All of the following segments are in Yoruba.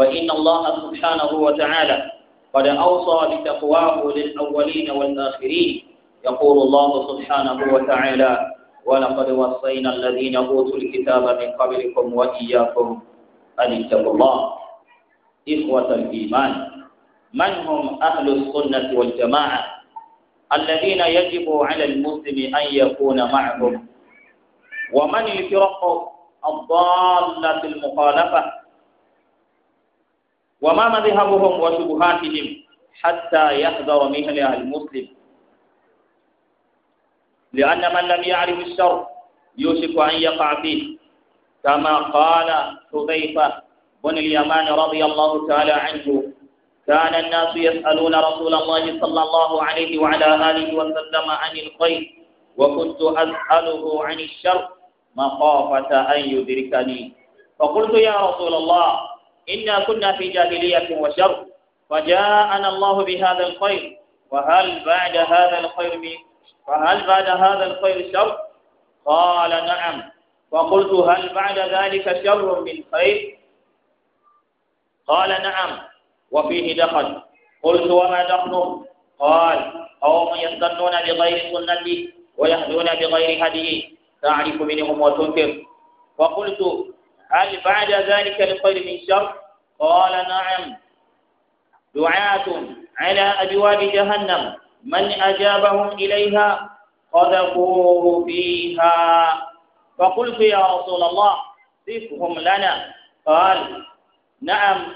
فإن الله سبحانه وتعالى قد أوصى بتقواه للأولين والآخرين يقول الله سبحانه وتعالى ولقد وصينا الذين أوتوا الكتاب من قبلكم وإياكم أن اتقوا الله إخوة الإيمان من هم أهل السنة والجماعة الذين يجب على المسلم أن يكون معهم ومن الفرق الضالة المخالفة وما مذهبهم وشبهاتهم حتى يحذر منها المسلم لأن من لم يعرف الشر يوشك أن يقع فيه كما قال حذيفة بن اليمان رضي الله تعالى عنه كان الناس يسألون رسول الله صلى الله عليه وعلى آله وسلم عن الخير وكنت أسأله عن الشر مخافة أن يدركني فقلت يا رسول الله إنا كنا في جاهلية وشر وجاءنا الله بهذا الخير وهل بعد هذا الخير من وهل بعد هذا الخير شر قال نعم وقلت هل بعد ذلك شر من خير قال نعم وفيه دخل قلت وما دخل قال قوم يستنون بغير سنتي ويهدون بغير هدي تعرف منهم وتنكر وقلت هل بعد ذلك لخير من شر قال نعم دعاة على أبواب جهنم من أجابهم إليها قذفوه فيها فقلت يا رسول الله صفهم لنا قال نعم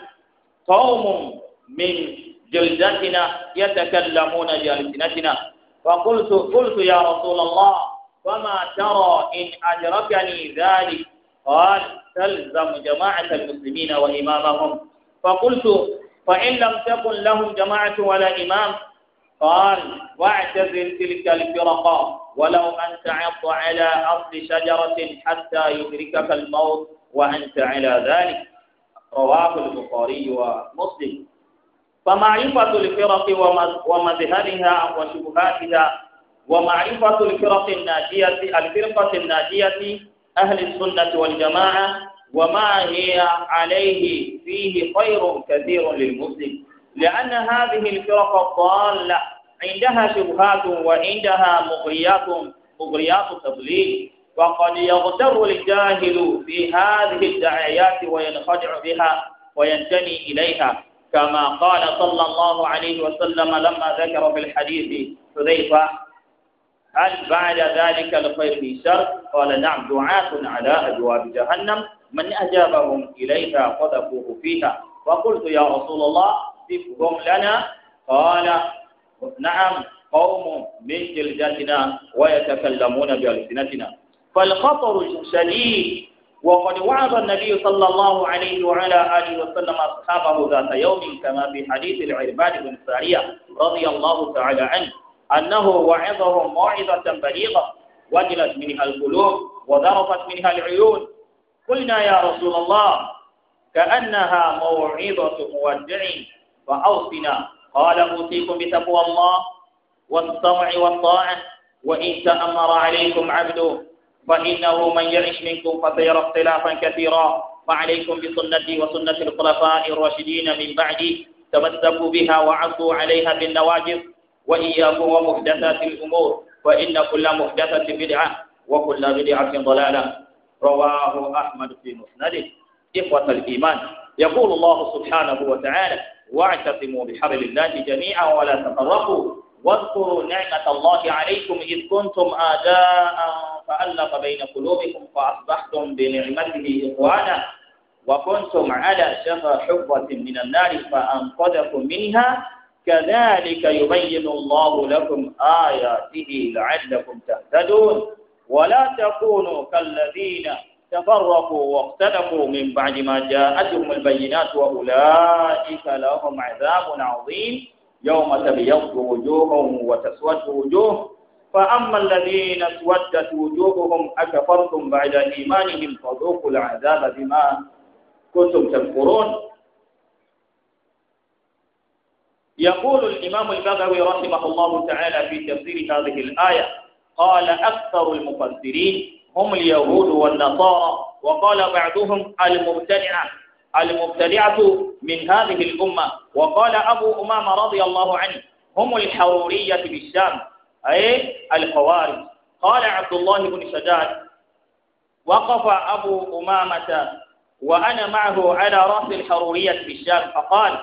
قوم من جلدتنا يتكلمون جلدتنا فقلت قلت يا رسول الله فما ترى إن أدركني ذلك قال تلزم جماعة المسلمين وإمامهم فقلت فإن لم تكن لهم جماعة ولا إمام قال واعتزل تلك الفرقة ولو أن تعط على أصل شجرة حتى يدركك الموت وأنت على ذلك رواه البخاري ومسلم فمعرفة الفرق ومذهبها وشبهاتها ومعرفة الفرق الناجية الفرقة الناجية أهل السنة والجماعة وما هي عليه فيه خير كثير للمسلم لأن هذه الفرق الضالة عندها شبهات وعندها مغريات مغريات تضليل وقد يغتر الجاهل في هذه الدعايات وينخدع بها وينتمي إليها كما قال صلى الله عليه وسلم لما ذكر في الحديث حذيفة هل بعد ذلك الخير في شر قال نعم دعاة على أبواب جهنم من أجابهم إليها قذفوه فيها فقلت يا رسول الله صفهم لنا قال نعم قوم من جلدتنا ويتكلمون بألسنتنا فالخطر شديد وقد وعظ النبي صلى الله عليه وعلى آله وسلم أصحابه ذات يوم كما في حديث العرباد بن سارية رضي الله تعالى عنه أنه وعظهم موعظة بليغة وجلت منها القلوب وذرفت منها العيون قلنا يا رسول الله كأنها موعظة مودع فأوصنا قال أوصيكم بتقوى الله والطمع والطاعة وإن تأمر عليكم عبد فإنه من يعش منكم فسيرى اختلافا كثيرا فعليكم بسنتي وسنة الخلفاء الراشدين من بعدي تمسكوا بها وعصوا عليها بالنواجذ وإياكم ومحدثات الأمور فإن كل محدثة بدعة وكل بدعة ضلالة رواه أحمد في مسنده إخوة الإيمان يقول الله سبحانه وتعالى واعتصموا بحبل الله جميعا ولا تفرقوا واذكروا نعمة الله عليكم إذ كنتم آداء فألق بين قلوبكم فأصبحتم بنعمته إخوانا وكنتم على شفا حفرة من النار فأنقذكم منها كذلك يبين الله لكم آياته لعلكم تهتدون ولا تكونوا كالذين تفرقوا واختلفوا من بعد ما جاءتهم البينات وأولئك لهم عذاب عظيم يوم تبيض وجوههم وتسود وجوه فأما الذين اسودت وجوههم أكفرتم بعد إيمانهم فذوقوا العذاب بما كنتم تذكرون يقول الإمام البغوي رحمه الله تعالى في تفسير هذه الآية قال أكثر المفسرين هم اليهود والنصارى وقال بعضهم المبتدعة المبتدعة من هذه الأمة وقال أبو أمامة رضي الله عنه هم الحرورية بالشام أي الخوارج قال عبد الله بن شداد وقف أبو أمامة وأنا معه على رأس الحرورية بالشام فقال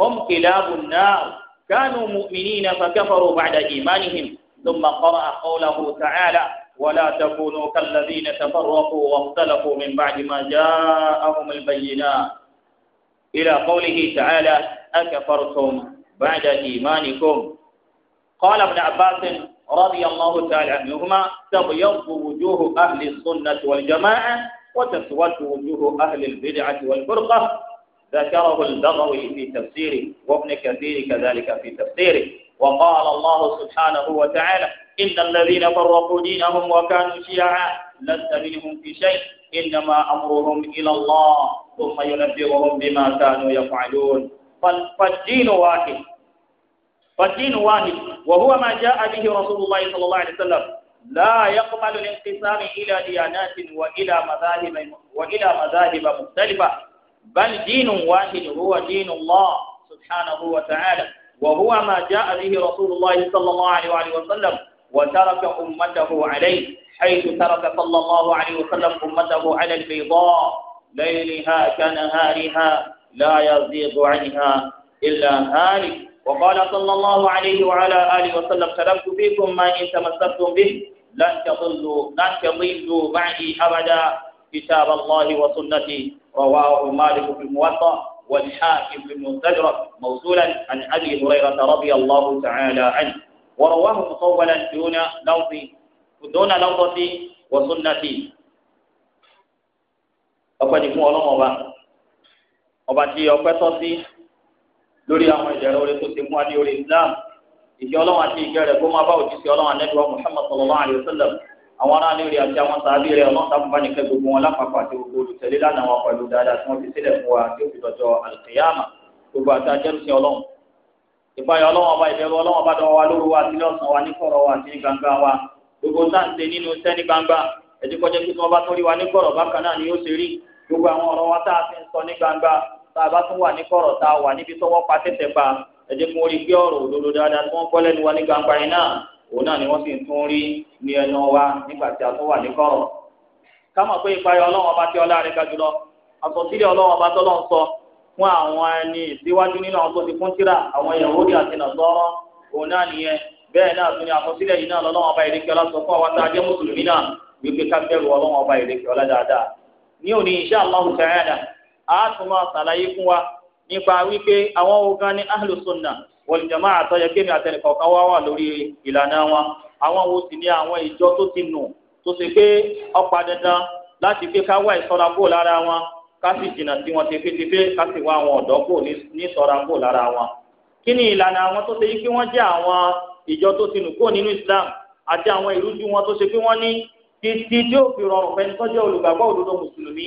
هم كلاب النار كانوا مؤمنين فكفروا بعد إيمانهم ثم قرأ قوله تعالى ولا تكونوا كالذين تفرقوا واختلفوا من بعد ما جاءهم البينات إلى قوله تعالى أكفرتم بعد إيمانكم قال ابن عباس رضي الله تعالى عنهما تبيض وجوه أهل السنة والجماعة وتسود وجوه أهل البدعة والفرقة ذكره البغوي في تفسيره وابن كثير كذلك في تفسيره وقال الله سبحانه وتعالى إن الذين فرقوا دينهم وكانوا شيعا لست منهم في شيء إنما أمرهم إلى الله ثم ينبئهم بما كانوا يفعلون فالدين واحد فالدين واحد وهو ما جاء به رسول الله صلى الله عليه وسلم لا يقبل الانقسام إلى ديانات وإلى مذاهب وإلى مذاهب مختلفة بل دين واحد هو دين الله سبحانه وتعالى وهو ما جاء به رسول الله صلى الله عليه وسلم وترك أمته عليه حيث ترك صلى الله عليه وسلم أمته على البيضاء ليلها كنهارها لا يزيغ عنها إلا هالك وقال صلى الله عليه وعلى آله وسلم تركت فيكم ما إن تمسكتم به لن تضلوا لن تضلوا بعدي أبدا كتاب الله وسنتي رواه مالك في الموطأ والحاكم في المستدرك موصولا عن أبي هريرة رضي الله تعالى عنه ورواه مطولا دون لفظ دون لفظة وسنة ọpẹ́ ni fún Ọlọ́run ọba ọba tí ọpẹ́ tọ́ sí lórí àwọn ìdẹ̀rẹ̀ orí tó ti mú adé orí Islam ìjọ Ọlọ́run àti ìjọ rẹ̀ kó má bá òjì sí Ọlọ́run anẹgbẹ Muhammad sallallahu alayhi wa sallam àwọn aráàlú rẹ̀ àti àwọn sàábì rẹ̀ ọlọ́run tá a bá nìkan gbogbo wọn lápapọ̀ àti gbogbo olùtẹ̀lé lánàá wọn pẹ̀lú dáadáa tí wọ́n fi sílẹ̀ fún wa tí ó fi dọ̀jọ́ àlùkìyàmà gbogbo àti ajẹ́rùsìn ọlọ́run ìpayọ̀ ọlọ́run ọba ìbẹ̀rù ọlọ́run ọba dọ̀wọ́ wa lóru wa sílẹ̀ ọ̀sán wa níkọ̀rọ̀ wa àti ní gbangba wa gbogbo sáǹtẹ nínú sẹ́ni gbangba ẹ̀dí kọjá pé tí wọ́n bá tó rí wa níkọ̀rọ̀ bákan náà ni yóò ní gbangba tá a òun náà ni wọ́n sì ń tún rí ní ẹnu wa nígbà tí a tún wà ní kọ̀rọ̀ kámọ̀ pé ìpayọ Ọlọ́run ọba tí ọlá rẹ̀ ga jùlọ àsọsílẹ̀ Ọlọ́run ọba tọlọ ń sọ fún àwọn ẹni ìsíwájú nínú àwọn tó ti fún tíra àwọn òun náà bẹ́ẹ̀ náà tún ni àsọsílẹ̀ yìí náà lọ́lọ́run ọba ìrèké ọlá sọ fún àwọn tá a jẹ́ mùsùlùmí náà wípé ká bẹ̀rù Ọlọ́run ọba ìrèké ọlá dáadáa ní òní a wal jamaa àtọ́jọ kémi àtẹnìkọ̀ọ̀kan wá wà lórí ìlànà wọn àwọn wo sì ni àwọn ìjọ tó ti nù tó ṣe pé ọ̀pá dandan láti pé ká wá ìṣọ́ra kó lára wọn ká sì jìnnà sí wọn tefetefe ká sì wá àwọn ọ̀dọ́ kó ní ìṣọ́ra kó lára wọn. kí ni ìlànà àwọn tó ṣe yí pé wọ́n jẹ́ àwọn ìjọ tó ti nù kó nínú Islam àti àwọn ìrújú wọn tó ṣe pé wọ́n ní títí tí ó fi rọrùn fẹ́ni tó jẹ́ olùgbàgbọ́ òdodo mùsùlùmí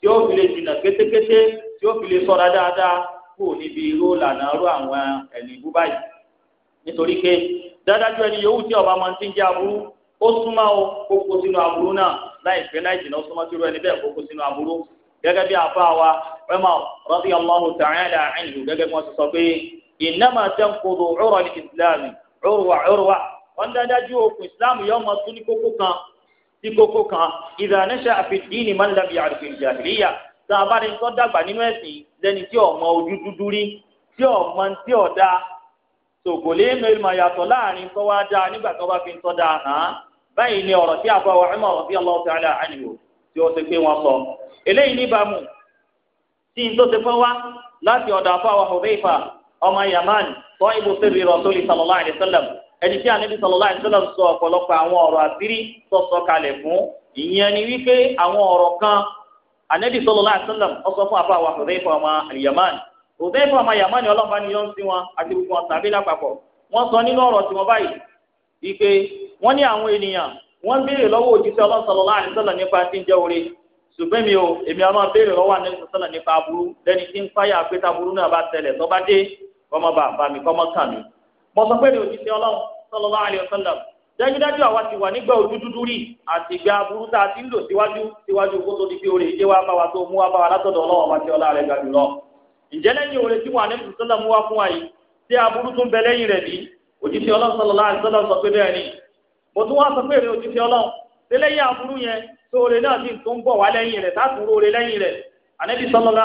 tí ó fi lè jìnnà kétékété kúrò níbi irú ìlànà irú àwọn ẹ̀lì ibú báyìí nítorí pé dáadájú ẹni yòówù tí ọba máa ń ti ń jẹ aburú ó súnmọ́ o kó kó sínú aburú náà láì fẹ́ láì jìnnà ó súnmọ́ tí irú ẹni bẹ́ẹ̀ kó kó sínú aburú gẹ́gẹ́ bí àfa wa Umar radiyallahu ta'ala anhu gẹ́gẹ́ bí wọ́n ti sọ pé innama tanqudu urwa al-islam urwa urwa wọ́n dájú okùn ìsìláàmù yọ ọmọ tún ní kókó kan sí kókó kan idha tá a bá ní tó dàgbà nínú ẹ̀sìn lẹ́ni tí ọmọ ojú dúdú rí tí ọmọ tí ọ̀dà tòkò lè mẹ́rin mà yàtọ̀ láàrin tó wá dáa nígbà tó bá fi ń tọ́ da hàn án báyìí ni ọ̀rọ̀ tí àbá wàhálà ọ̀rọ̀ tí Allah ta'ala anhu tí ó ti pé wọn sọ eléyìí níbàámu tí n tó ti fẹ́ wá láti ọ̀dọ̀ àbá wa àwọn ọ̀rọ̀ àbírí tó anabi sallallahu alaihi wasallam ọsọ fún àbá wa Hudhayfa ọmọ yaman Hudhayfa ọmọ yaman ni ọlọ́mọba ni yọ ń sí wọn àti gbogbo wọn tàbí lápapọ̀ wọ́n sọ nínú ọ̀rọ̀ tí wọ́n báyìí wípé wọ́n ní àwọn ènìyàn wọ́n béèrè lọ́wọ́ òjíṣẹ́ Ọlọ́run sallallahu nípa tí ń jẹ́ oore ṣùgbọ́n mi ò èmi ọmọ béèrè lọ́wọ́ àná sọ̀tọ̀ nípa aburú lẹ́ni tí ń fáyà pété aburú náà bá tẹ̀lẹ̀ tó dé kọ́mọ bàbá kọ́mọ dájúdájú àwa ti wà nígbà ojú dúdú rí àtìgbà burú tá a ti ń lò síwájú síwájú kó tó di pé oore ìdí wa bá wa tó mú wa bá wa látọ̀dọ̀ ọlọ́wọ́ wa ti ọlá rẹ̀ ga jùlọ. ǹjẹ́ lẹ́yìn oore tí wọn àní sọ́lá mú wá fún wa yìí tí aburú tún bẹ lẹ́yìn rẹ̀ ní òjíṣẹ́ ọlọ́run sọ̀rọ̀ láàrin sọ́lá sọ pé bẹ́ẹ̀ ni. mo tún wá sọ pé èrè òjíṣẹ́ ọlọ́run ṣé lẹ́yìn aburú yẹn tó oore náà sì tún bọ̀ wá lẹ́yìn rẹ̀ tátùrú oore lẹ́yìn rẹ̀ ànábì sọ́lá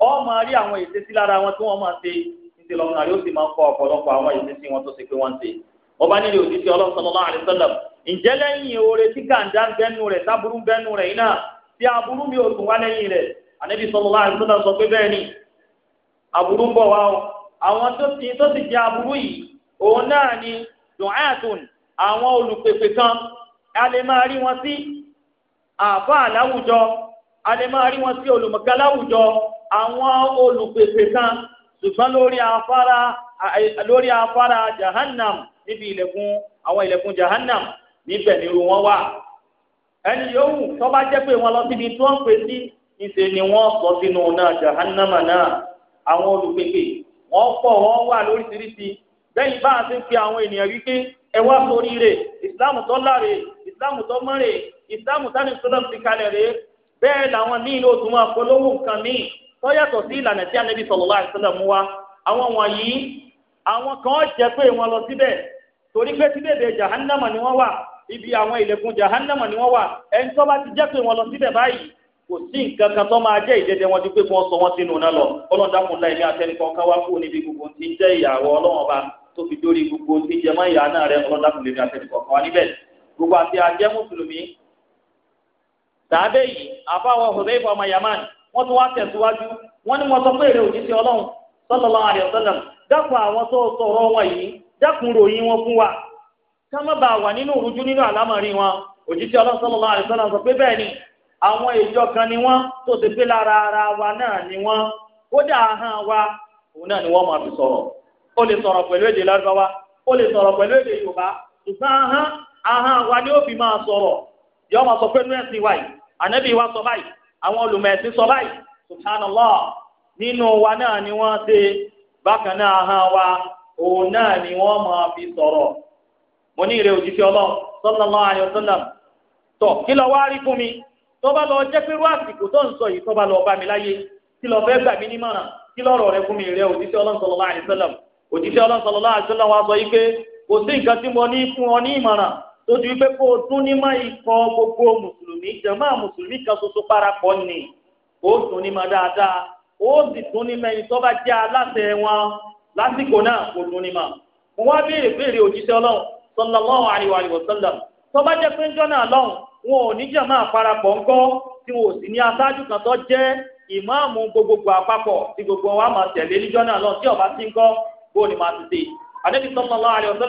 ọ máa rí àwọn ìṣesí lára wọn tí wọn máa ṣe níṣẹ́ lọ́kàn yóò sì máa kọ ọ̀pọ̀lọpọ̀ àwọn ìṣesí wọn tó ṣe pé wọ́n ń ṣe. wọ́n bá nílò òṣìṣẹ́ ọlọ́run sallallahu alaihi wasallam ǹjẹ́ lẹ́yìn oore tí kàńdá ń bẹ́nu rẹ̀ sábúrú ń bẹ́nu rẹ̀ iná mi ò wá lẹ́yìn rẹ̀ o náà ni kan a máa rí wọn sí láwùjọ àwọn olùpèsè kan ṣùgbọ́n lórí afárá lórí jahannam níbi ilẹ̀kùn àwọn ilẹ̀kùn jahannam níbẹ̀ ni wọn wà ẹni yòówù tó bá jẹ́ pé lọ síbi tí wọ́n pè sí ìṣe ni wọ́n sọ sínú náà jahannama náà àwọn olùpèsè wọ́n pọ̀ wọ́n wà lóríṣiríṣi bá a ti àwọn ènìyàn ẹ wá sórí ìsìláàmù tó láre ìsìláàmù tó ìsìláàmù ti kalẹ̀ bẹ́ẹ̀ làwọn míì tó yàtọ̀ sí ìlànà tí anabi sallallahu alaihi wasallam mú wa àwọn wọ̀nyí àwọn kan jẹ́ pé wọ́n lọ síbẹ̀ torí pé síbèbè jahannama ni wọ́n wà ibi àwọn ilẹ̀kùn jahannama ni wọ́n wà ẹni tó bá ti jẹ́ pé wọ́n lọ síbẹ̀ báyìí kò sí nǹkan kan tó máa wọn ju pé wọ́n sọ wọ́n lọ láì ní gbogbo jẹ́ ìyàwó tó gbogbo mọ́ ìyá náà rẹ lè ní Yaman wọ́n tún wá tẹ̀síwájú wọ́n ní wọ́n sọ pé èrè òjíṣẹ́ ọlọ́run sallallahu alaihi dákun àwọn tó sọ̀rọ̀ wọn yìí dákun ròyìn wọn fún wa ká má bàa wà nínú òrujú nínú àlámọ̀rí wọn òjíṣẹ́ ọlọ́run sallallahu alaihi sọ pé àwọn ìjọ kan ni wọ́n tó ti pé lára ara náà ni wọ́n kódà wa òun náà àwọn olùmẹ̀sìn sọ báyìí subhanallah nínú wa náà ni wọ́n ṣe bákan náà hàn wa òun náà ni wọ́n máa fi sọ̀rọ̀ mo ní ìrẹ òjíṣẹ́ ọlọ́run sallallahu alaihi wasallam tọ̀ kí lọ wá rí fún mi tó bá lọ jẹ́ pé irú tó ń sọ yìí tó bá lọ bá mi láyé kí lọ fẹ́ gbà mí nímọ̀ràn kí lọ́rọ̀ rẹ fún mi ìrẹ òjíṣẹ́ ọlọ́run sallallahu alaihi wasallam òjíṣẹ́ ọlọ́run sallallahu alaihi wasallam wa sọ yìí pé kò sí nǹkan tí mo ní fún ọ ní ìmọ̀ràn tó ti wípé kó o tún ní má ikọ̀ gbogbo mùsùlùmí jàmá mùsùlùmí kan ṣoṣo parapọ̀ ni ó tún ní má dáadáa ó sì tún ní mẹ́yìn tó bá jẹ́ wọn lásìkò náà kó tún ní wá béèrè béèrè òjíṣẹ́ ọlọ́run tó bá jẹ́ pé ń lọ́hùn wọn ò ní tí wọn ò sì ní aṣáájú kan tó jẹ́ ìmáàmù gbogbogbò àpapọ̀ wa máa tẹ̀lé tí ọba ti ń kọ́ ni máa ti àdébìtọ́ wa sọ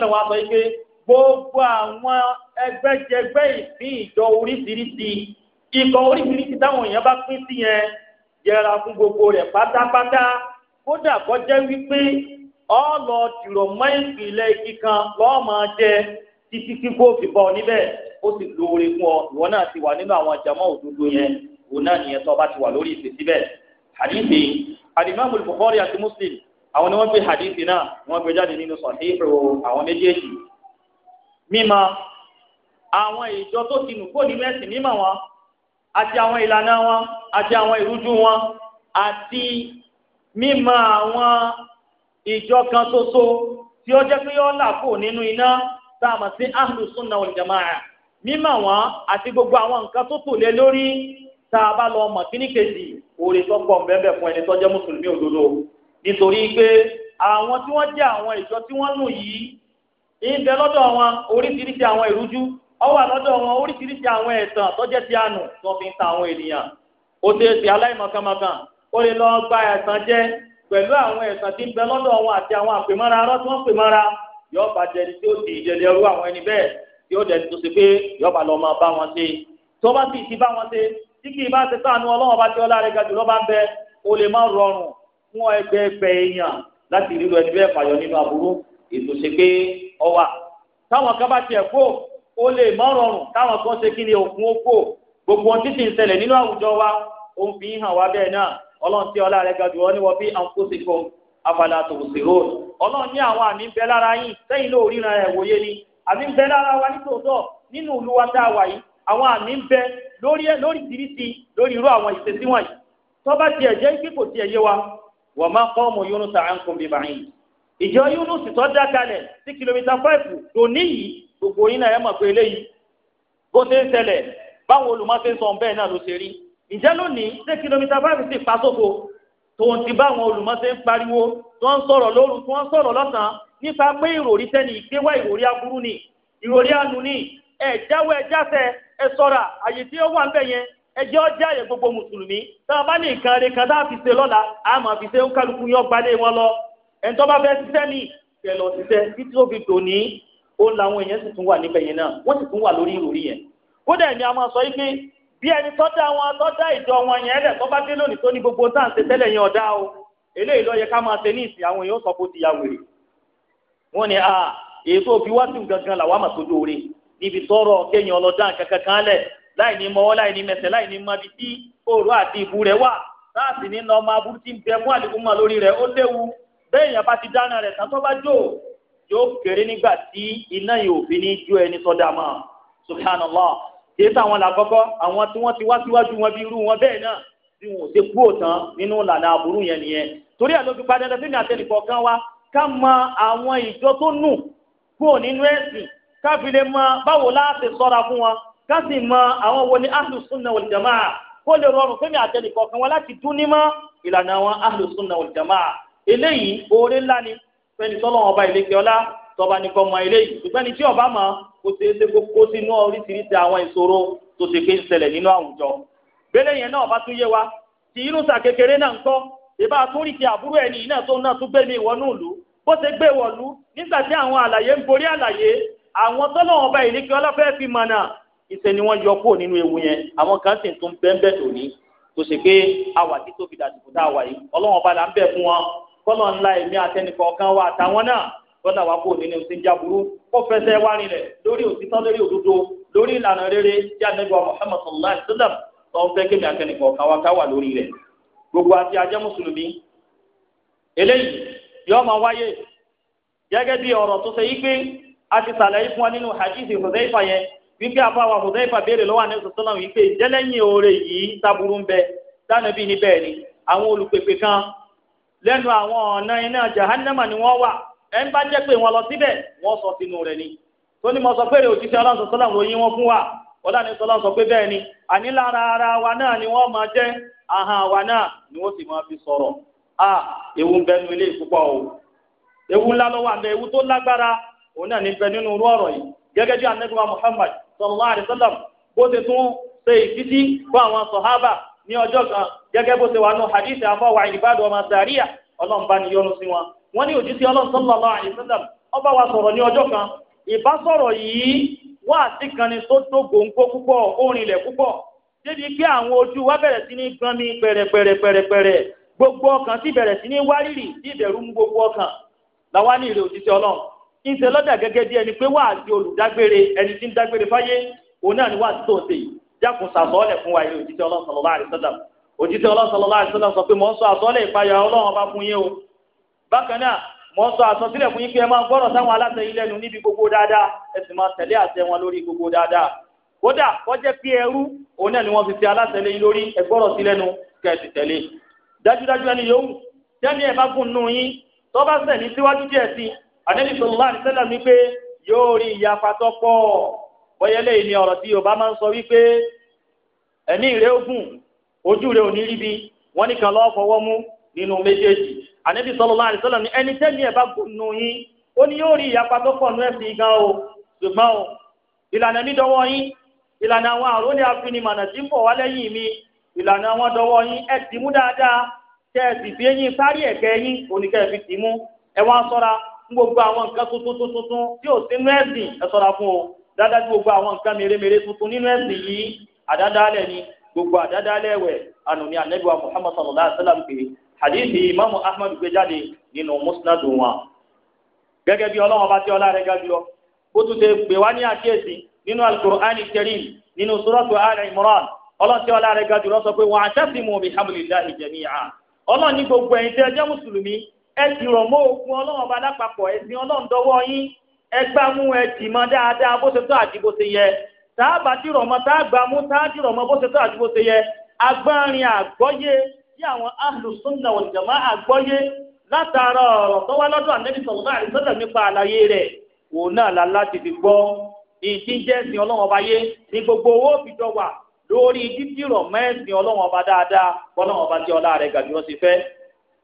gbogbo àwọn ẹgbẹ́jẹgbẹ́ ìpín ìjọ oríṣiríṣi ikọ̀ oríṣiríṣi táwọn èèyàn bá pín sí yẹn yẹra fún gbogbo rẹ̀ pátápátá kódà kọjá wípé ọlọ tìrọ̀ mọ́ ìpìlẹ̀ igi kan lọ́ọ́ máa jẹ títí tí kò fi bọ̀ níbẹ̀ ó sì lóore fún ọ ìwọ náà ti wà nínú àwọn jàmọ́ òdodo yẹn òun náà nìyẹn tó bá ti wà lórí ìpè síbẹ̀ hadithi alimami Bukhari àti Muslim àwọn ni wọ́n gbé hadithi náà wọ́n gbé jáde nínú sọ̀tí àwọn méjèèjì mímọ̀ àwọn ìjọ tó ti nù kó ní mẹ́sìn mímọ̀ wọn àti àwọn ìlànà wọn àti àwọn ìrújú wọn àti mímọ̀ àwọn ìjọ kan ṣoṣo tí ó jẹ́ pé yọ́ là nínú iná tá a mọ̀ sí ahlus sunna wal jamaa mímọ̀ wọn àti gbogbo àwọn nǹkan tó tò lé lórí tá a bá lọ mọ̀ kíní kejì òòrè tó pọ̀ bẹ́ẹ̀ fún ẹni tó jẹ́ mùsùlùmí òdodo nítorí pé àwọn tí wọ́n jẹ́ àwọn ìjọ tí wọ́n nù yìí ìbẹ lọ́dọ̀ wọn oríṣiríṣi àwọn ìrújú ọwọ́ àlọ́dọ̀ wọn oríṣiríṣi àwọn ẹ̀tàn tọ́jẹ́ ti àánú tó fi ń ta àwọn ènìyàn ó ṣe é ṣe aláìmọ̀kànmọ̀kàn ó lè lọ gba ẹ̀tàn jẹ pẹ̀lú àwọn ẹ̀tàn tí ń bẹ lọ́dọ̀ wọn àti àwọn àpèmọ́ra arọ́ tí wọ́n pèmọ́ra yóò bá jẹni tí ó di ìjẹlẹ ọrú àwọn ẹni bẹ́ẹ̀ tí ó jẹni tó ṣe pé yóò bá lọ́ọ́ máa bá wọn ṣe tó bá sì ti bá wọn ṣe tí kì í bá ṣe sáànù ọlọ́wọ́n bá ti ọlá ètò ṣe pé ọwà táwọn kan bá tiẹ̀ kó ó lè mọ́ rọrùn táwọn kan ṣe kí òkun ó gbogbo ohun títí ń nínú àwùjọ wa ó ń fi hàn wá bẹ́ẹ̀ náà ọlọ́run tí ọlá rẹ ga jù ọ ní ọlọ́run ní àwọn àmì ń bẹ lára sẹ́yìn ló ríran ẹ̀ wòye ni àmì ń bẹ lára wa nítòótọ́ nínú ìlú wa ìjọ yunus tó dá kalẹ̀ sí kìlómítà fáìfù lóní yìí gbogbo yín náà ẹ mọ̀ pé eléyìí bó ṣe ń ṣẹlẹ̀ báwọn olùmọ̀ṣe ń sọ bẹ́ẹ̀ náà ló ṣe rí ǹjẹ́ lónìí ṣé kìlómítà fáìfù sì pa sóko tòun ti báwọn olùmọ̀ṣe ń pariwo tó ń sọ̀rọ̀ lóru tó ń sọ̀rọ̀ lọ́sàn-án nípa pé ìròrí tẹ́ni ìgbéwá ìròrí aburú ni ìròrí àánú ni ẹ jáwọ́ ẹ jáfẹ́ ẹ sọ́ra àyè tí ó wà ń bẹ̀ yẹn ẹ jẹ́ ọ jáyè gbogbo mùsùlùmí tá a bá ní nǹkan rẹ̀ kan tá a fi ṣe lọ́la a máa ṣe ń kálukú yọ gbalẹ̀ wọn lọ ẹni tó bá fẹ́ ṣiṣẹ́ mi kẹ lọ ṣiṣẹ́ títí ó fi tò ní ó làwọn èèyàn sì tún wà níbẹ̀ yẹn náà wọ́n sì tún wà lórí ìròrí yẹn kódà èmi a máa sọ pé bí ẹni tó dá wọn tó dá ìjọ wọn yẹn lẹ̀ tó bá dé lónìí tó ní gbogbo tá à ń ṣe tẹ́lẹ̀ yẹn ọ̀dá o eléyìí ló yẹ ká máa ṣe ní ìsìn àwọn èèyàn sọ pé ó ti ya wèrè wọ́n ní a èso òbí wá sí gangan làwọn àmọ̀ sójú oore níbi tọrọ kéèyàn ọlọ́dà kankan kan lẹ̀ láì ní mọ́wọ́ láì ní mẹsẹ̀ láì ní mọ́bi tí òru àti ìbú rẹ̀ wà láàsì ní lọ́ọ́ máa burú tí bẹ mú àdìgún mọ́ lórí rẹ̀ ó léwu bẹ́ẹ̀yàn bá ti dáná rẹ̀ tán tó bá jó yóò kéré nígbà tí iná yìí ò fi ní jó ẹni sọ́dà mọ́ subhanallah kìí sáwọn làkọ́kọ́ àwọn tí wọ́n ti wá síwájú wọn bí irú wọn bẹ́ẹ̀ náà bí wọn ò ṣe kú òtán nínú ìlànà àbúrú yẹn nìyẹn torí ẹ̀ ló fi padà lọ sínú àtẹnìkọ̀ kan wa ká mọ àwọn ìjọ tó nù kúrò nínú ẹ̀sìn ká fi lè mọ báwo láti sọ́ra fún wọn ká sì mọ àwọn wo ni ahlu sunna wal jamaa kó lè rọrùn fẹ́mi àtẹnìkọ̀ kan wa láti dún ní ìlànà àwọn ahlu sunna wal jamaa eléyìí oore ńlá ni fẹ́ni ọba ìlẹ́kẹ̀ ọlá tọba ní kọ́mọ eléyìí ṣùgbọ́n tí ọba ma kó ṣe é ṣe kó sínú oríṣiríṣi àwọn ìṣòro tó ṣe pé ń ṣẹlẹ̀ nínú àwùjọ. bẹ́lẹ̀ yẹn náà bá tún yé wa tí inú sa kékeré náà ń kọ́ ìbá àtúnrìkì àbúrò ẹni iná tó náà tún gbé mi ìlú bó ṣe gbé wọ̀lú nígbà tí àwọn àlàyé ń ọba ọlá fi mọ̀nà ni wọ́n yọ kúrò ewu yẹn àwọn kan sì tún pé kọ́lọ̀ ńlá èmi àtẹnìkọ̀ọ̀kan wa àtàwọn náà kọ́lọ̀ wa kò nínú sí jáburú kó fẹsẹ̀ wá rinlẹ̀ lórí òtítọ́ lórí òdodo lórí ìlànà rere tí anagba Muhammad sallallahu alayhi wa sallam tó ń fẹ́ kémi àtẹnìkọ̀ọ̀kan wa ká wà lórí rẹ̀ gbogbo àti ajẹ́ mùsùlùmí eléyìí yóò máa wáyé gẹ́gẹ́ bí ọ̀rọ̀ tó ṣe yí pé a ti sàlàyé fún wa nínú hadithi Hudhaifa yẹn wípé àbáwá Hudhaifa béèrè lọ́wọ́ àná sọ̀tọ́nà wípé ìjẹ́lẹ́yìn oore yìí sábúrú ń bẹ dáná bíi níbẹ̀ ni àwọn olùpèpè kan lẹ́nu àwọn ọ̀nà iná jahannama ni wọ́n wà ẹ ń bá jẹ́ pé wọ́n lọ síbẹ̀ wọ́n sọ sínú rẹ̀ ni tó ní mo sọ pé òjíṣẹ́ ọlọ́run sọ́lá ròyìn wọn fún wa sọ pé bẹ́ẹ̀ ni àní lára ara wa náà ni wọ́n máa jẹ́ ahọ́n wa náà ni wọ́n sì máa fi sọ̀rọ̀ a ewu ń bẹ nu ilé ìpúpọ̀ o ewu ńlá lọ́wọ́ ewu tó lágbára òun náà ní bẹ nínú irú ọ̀rọ̀ yìí gẹ́gẹ́ bí Muhammad bó ti tún ṣe fún àwọn ní ọjọ́ kan gẹ́gẹ́ bó ṣe wà nù hadith àfọwà ìbádọ ọmọ sàríà ọlọ́run bá ní yọ́nú sí wọn wọ́n ní òjíṣẹ́ ọlọ́run sallallahu alaihi wasallam ó bá wa sọ̀rọ̀ ní ọjọ́ kan ìbásọ̀rọ̀ yìí wá sí kan ni tó tó gbòǹgbò púpọ̀ orin ilẹ̀ púpọ̀ débi pé àwọn ojú wa bẹ̀rẹ̀ sí ní gbọ́n mi pẹ̀rẹ̀pẹ̀rẹ̀pẹ̀rẹ̀ gbogbo ọkàn sì bẹ̀rẹ̀ sí ní jákun sàsọ́ọ̀lẹ̀ fún wa ilé òjíṣẹ́ Ọlọ́run sallallahu alaihi wasallam òjíṣẹ́ Ọlọ́run sallallahu alaihi wasallam sọ pé mò ń sọ àsọ́ọ̀lẹ̀ ìpayà Ọlọ́run ọba fún yín o bákan náà mò ń sọ àsọsílẹ̀ fún yín pé ẹ máa gbọ́dọ̀ sáwọn aláṣẹ yín lẹ́nu níbi gbogbo dáadáa ẹ sì máa tẹ̀lé àṣẹ wọn lórí gbogbo dáadáa kódà kọjẹ́ pé ẹrú òun náà ni wọ́n fi ti aláṣẹ lé yín lórí ẹ gbọ́dọ̀ sí lẹ́nu kẹ́ẹ̀sì tẹ̀lé dájúdájú ẹni yòówù tẹ́mi ẹ̀ bá gùn nù yín tó bá ṣẹ̀ ní síwájú díẹ̀ sí Ànábì sallallahu alaihi wasallam ní pé yóò ẹ̀mí rẹ̀ ogun gùn ojú oniribi wọn ní ríbi wọ́n ní kan mú nínú méjèèjì ànábì sallallahu alaihi wasallam ní ẹni tẹ́lẹ̀ ẹ̀ bá gùn yín ó rí ìyapa tó pọ̀ o ṣùgbọ́n o ìlànà mi dọwọ́ yín ìlànà àwọn àrò ní afinimọ̀nà tí ń bọ̀ wá lẹ́yìn mi ìlànà àwọn dọwọ́ yín ẹ ti mú dáadáa ẹ sì fi eyín ẹ̀kẹ́ yín oníkẹ́ tuntun tuntun tí ò ẹ̀sìn ẹ sọ́ra fún o dáadáa gbogbo tuntun nínú ẹ̀sìn yìí àdádálẹ̀ ni gbogbo àdádálẹ̀ ẹ̀wẹ̀ ànú ni muhammad sallallahu alayhi wa sallam pé hadithi imaamu ahmed gbé jáde nínú musnadu wọn. gẹ́gẹ́ bí ọlọ́wọ́n bá tí ọlá rẹ̀ ga jùlọ ó tún ti pè wá ní àkíyèsí nínú alukur'ani karim nínú suratu al-imran ọlọ́tí ọlá rẹ̀ ga sọ pé wọ́n bi hablillahi ọlọ́ọ̀ni ti rọ̀ mọ́ òkun bá lápapọ̀ yín ẹ ẹ tì táàbà tí rọ̀mọ́ táàgbà mú táàdì rọ̀mọ́ bó ṣe tó àti bó ṣe yẹ agbárin àgbọ́yé tí àwọn ahlu sunna wal jamaa àgbọ́yé látara ọ̀rọ̀ tó wá lọ́dọ̀ ànẹ́bí sallallahu alaihi wasallam nípa àlàyé rẹ̀ òun náà la láti fi gbọ́ ìdíjẹ́ ẹ̀sìn ọlọ́run ọba yé ní gbogbo owó òfìjọ wà lórí títí rọ̀ mẹ́sìn ọlọ́run ọba dáadáa ọlọ́run ọba tí ọlá rẹ̀ gàdúrà sí fẹ́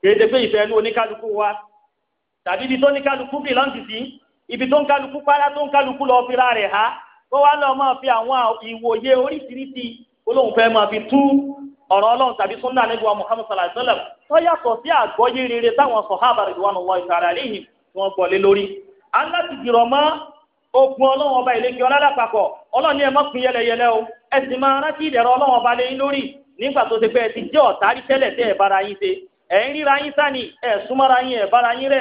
kéde pé ìfẹ́ inú oníkálukú wa tàbí ibi tó oníkálukú bìlọ́ǹtì sí ibi tó ń kálukú pálá tó ń kálukú lọ fira rẹ̀ ha kó wá lọ máa fi àwọn ìwòye oríṣiríṣi olóhùn fẹ́ máa fi tú ọ̀rọ̀ ọlọ́run tàbí súnà níbi wa muhammed sallallahu alayhi wa sallam tó yàtọ̀ sí àgbọ́yé rere táwọn sọ̀hábà ridwanullahi ta'ala alayhim tí wọ́n gbọ́lé lórí. aláti dìrọ̀ mọ́ ogun ọlọ́run ọba ọlọ́run ni ẹ yẹlẹyẹlẹ o ẹ ọba lẹ́yìn lórí nígbà tó ti pẹ́ ẹ ti jẹ́ tẹ́lẹ̀ tẹ́ ẹ bára yín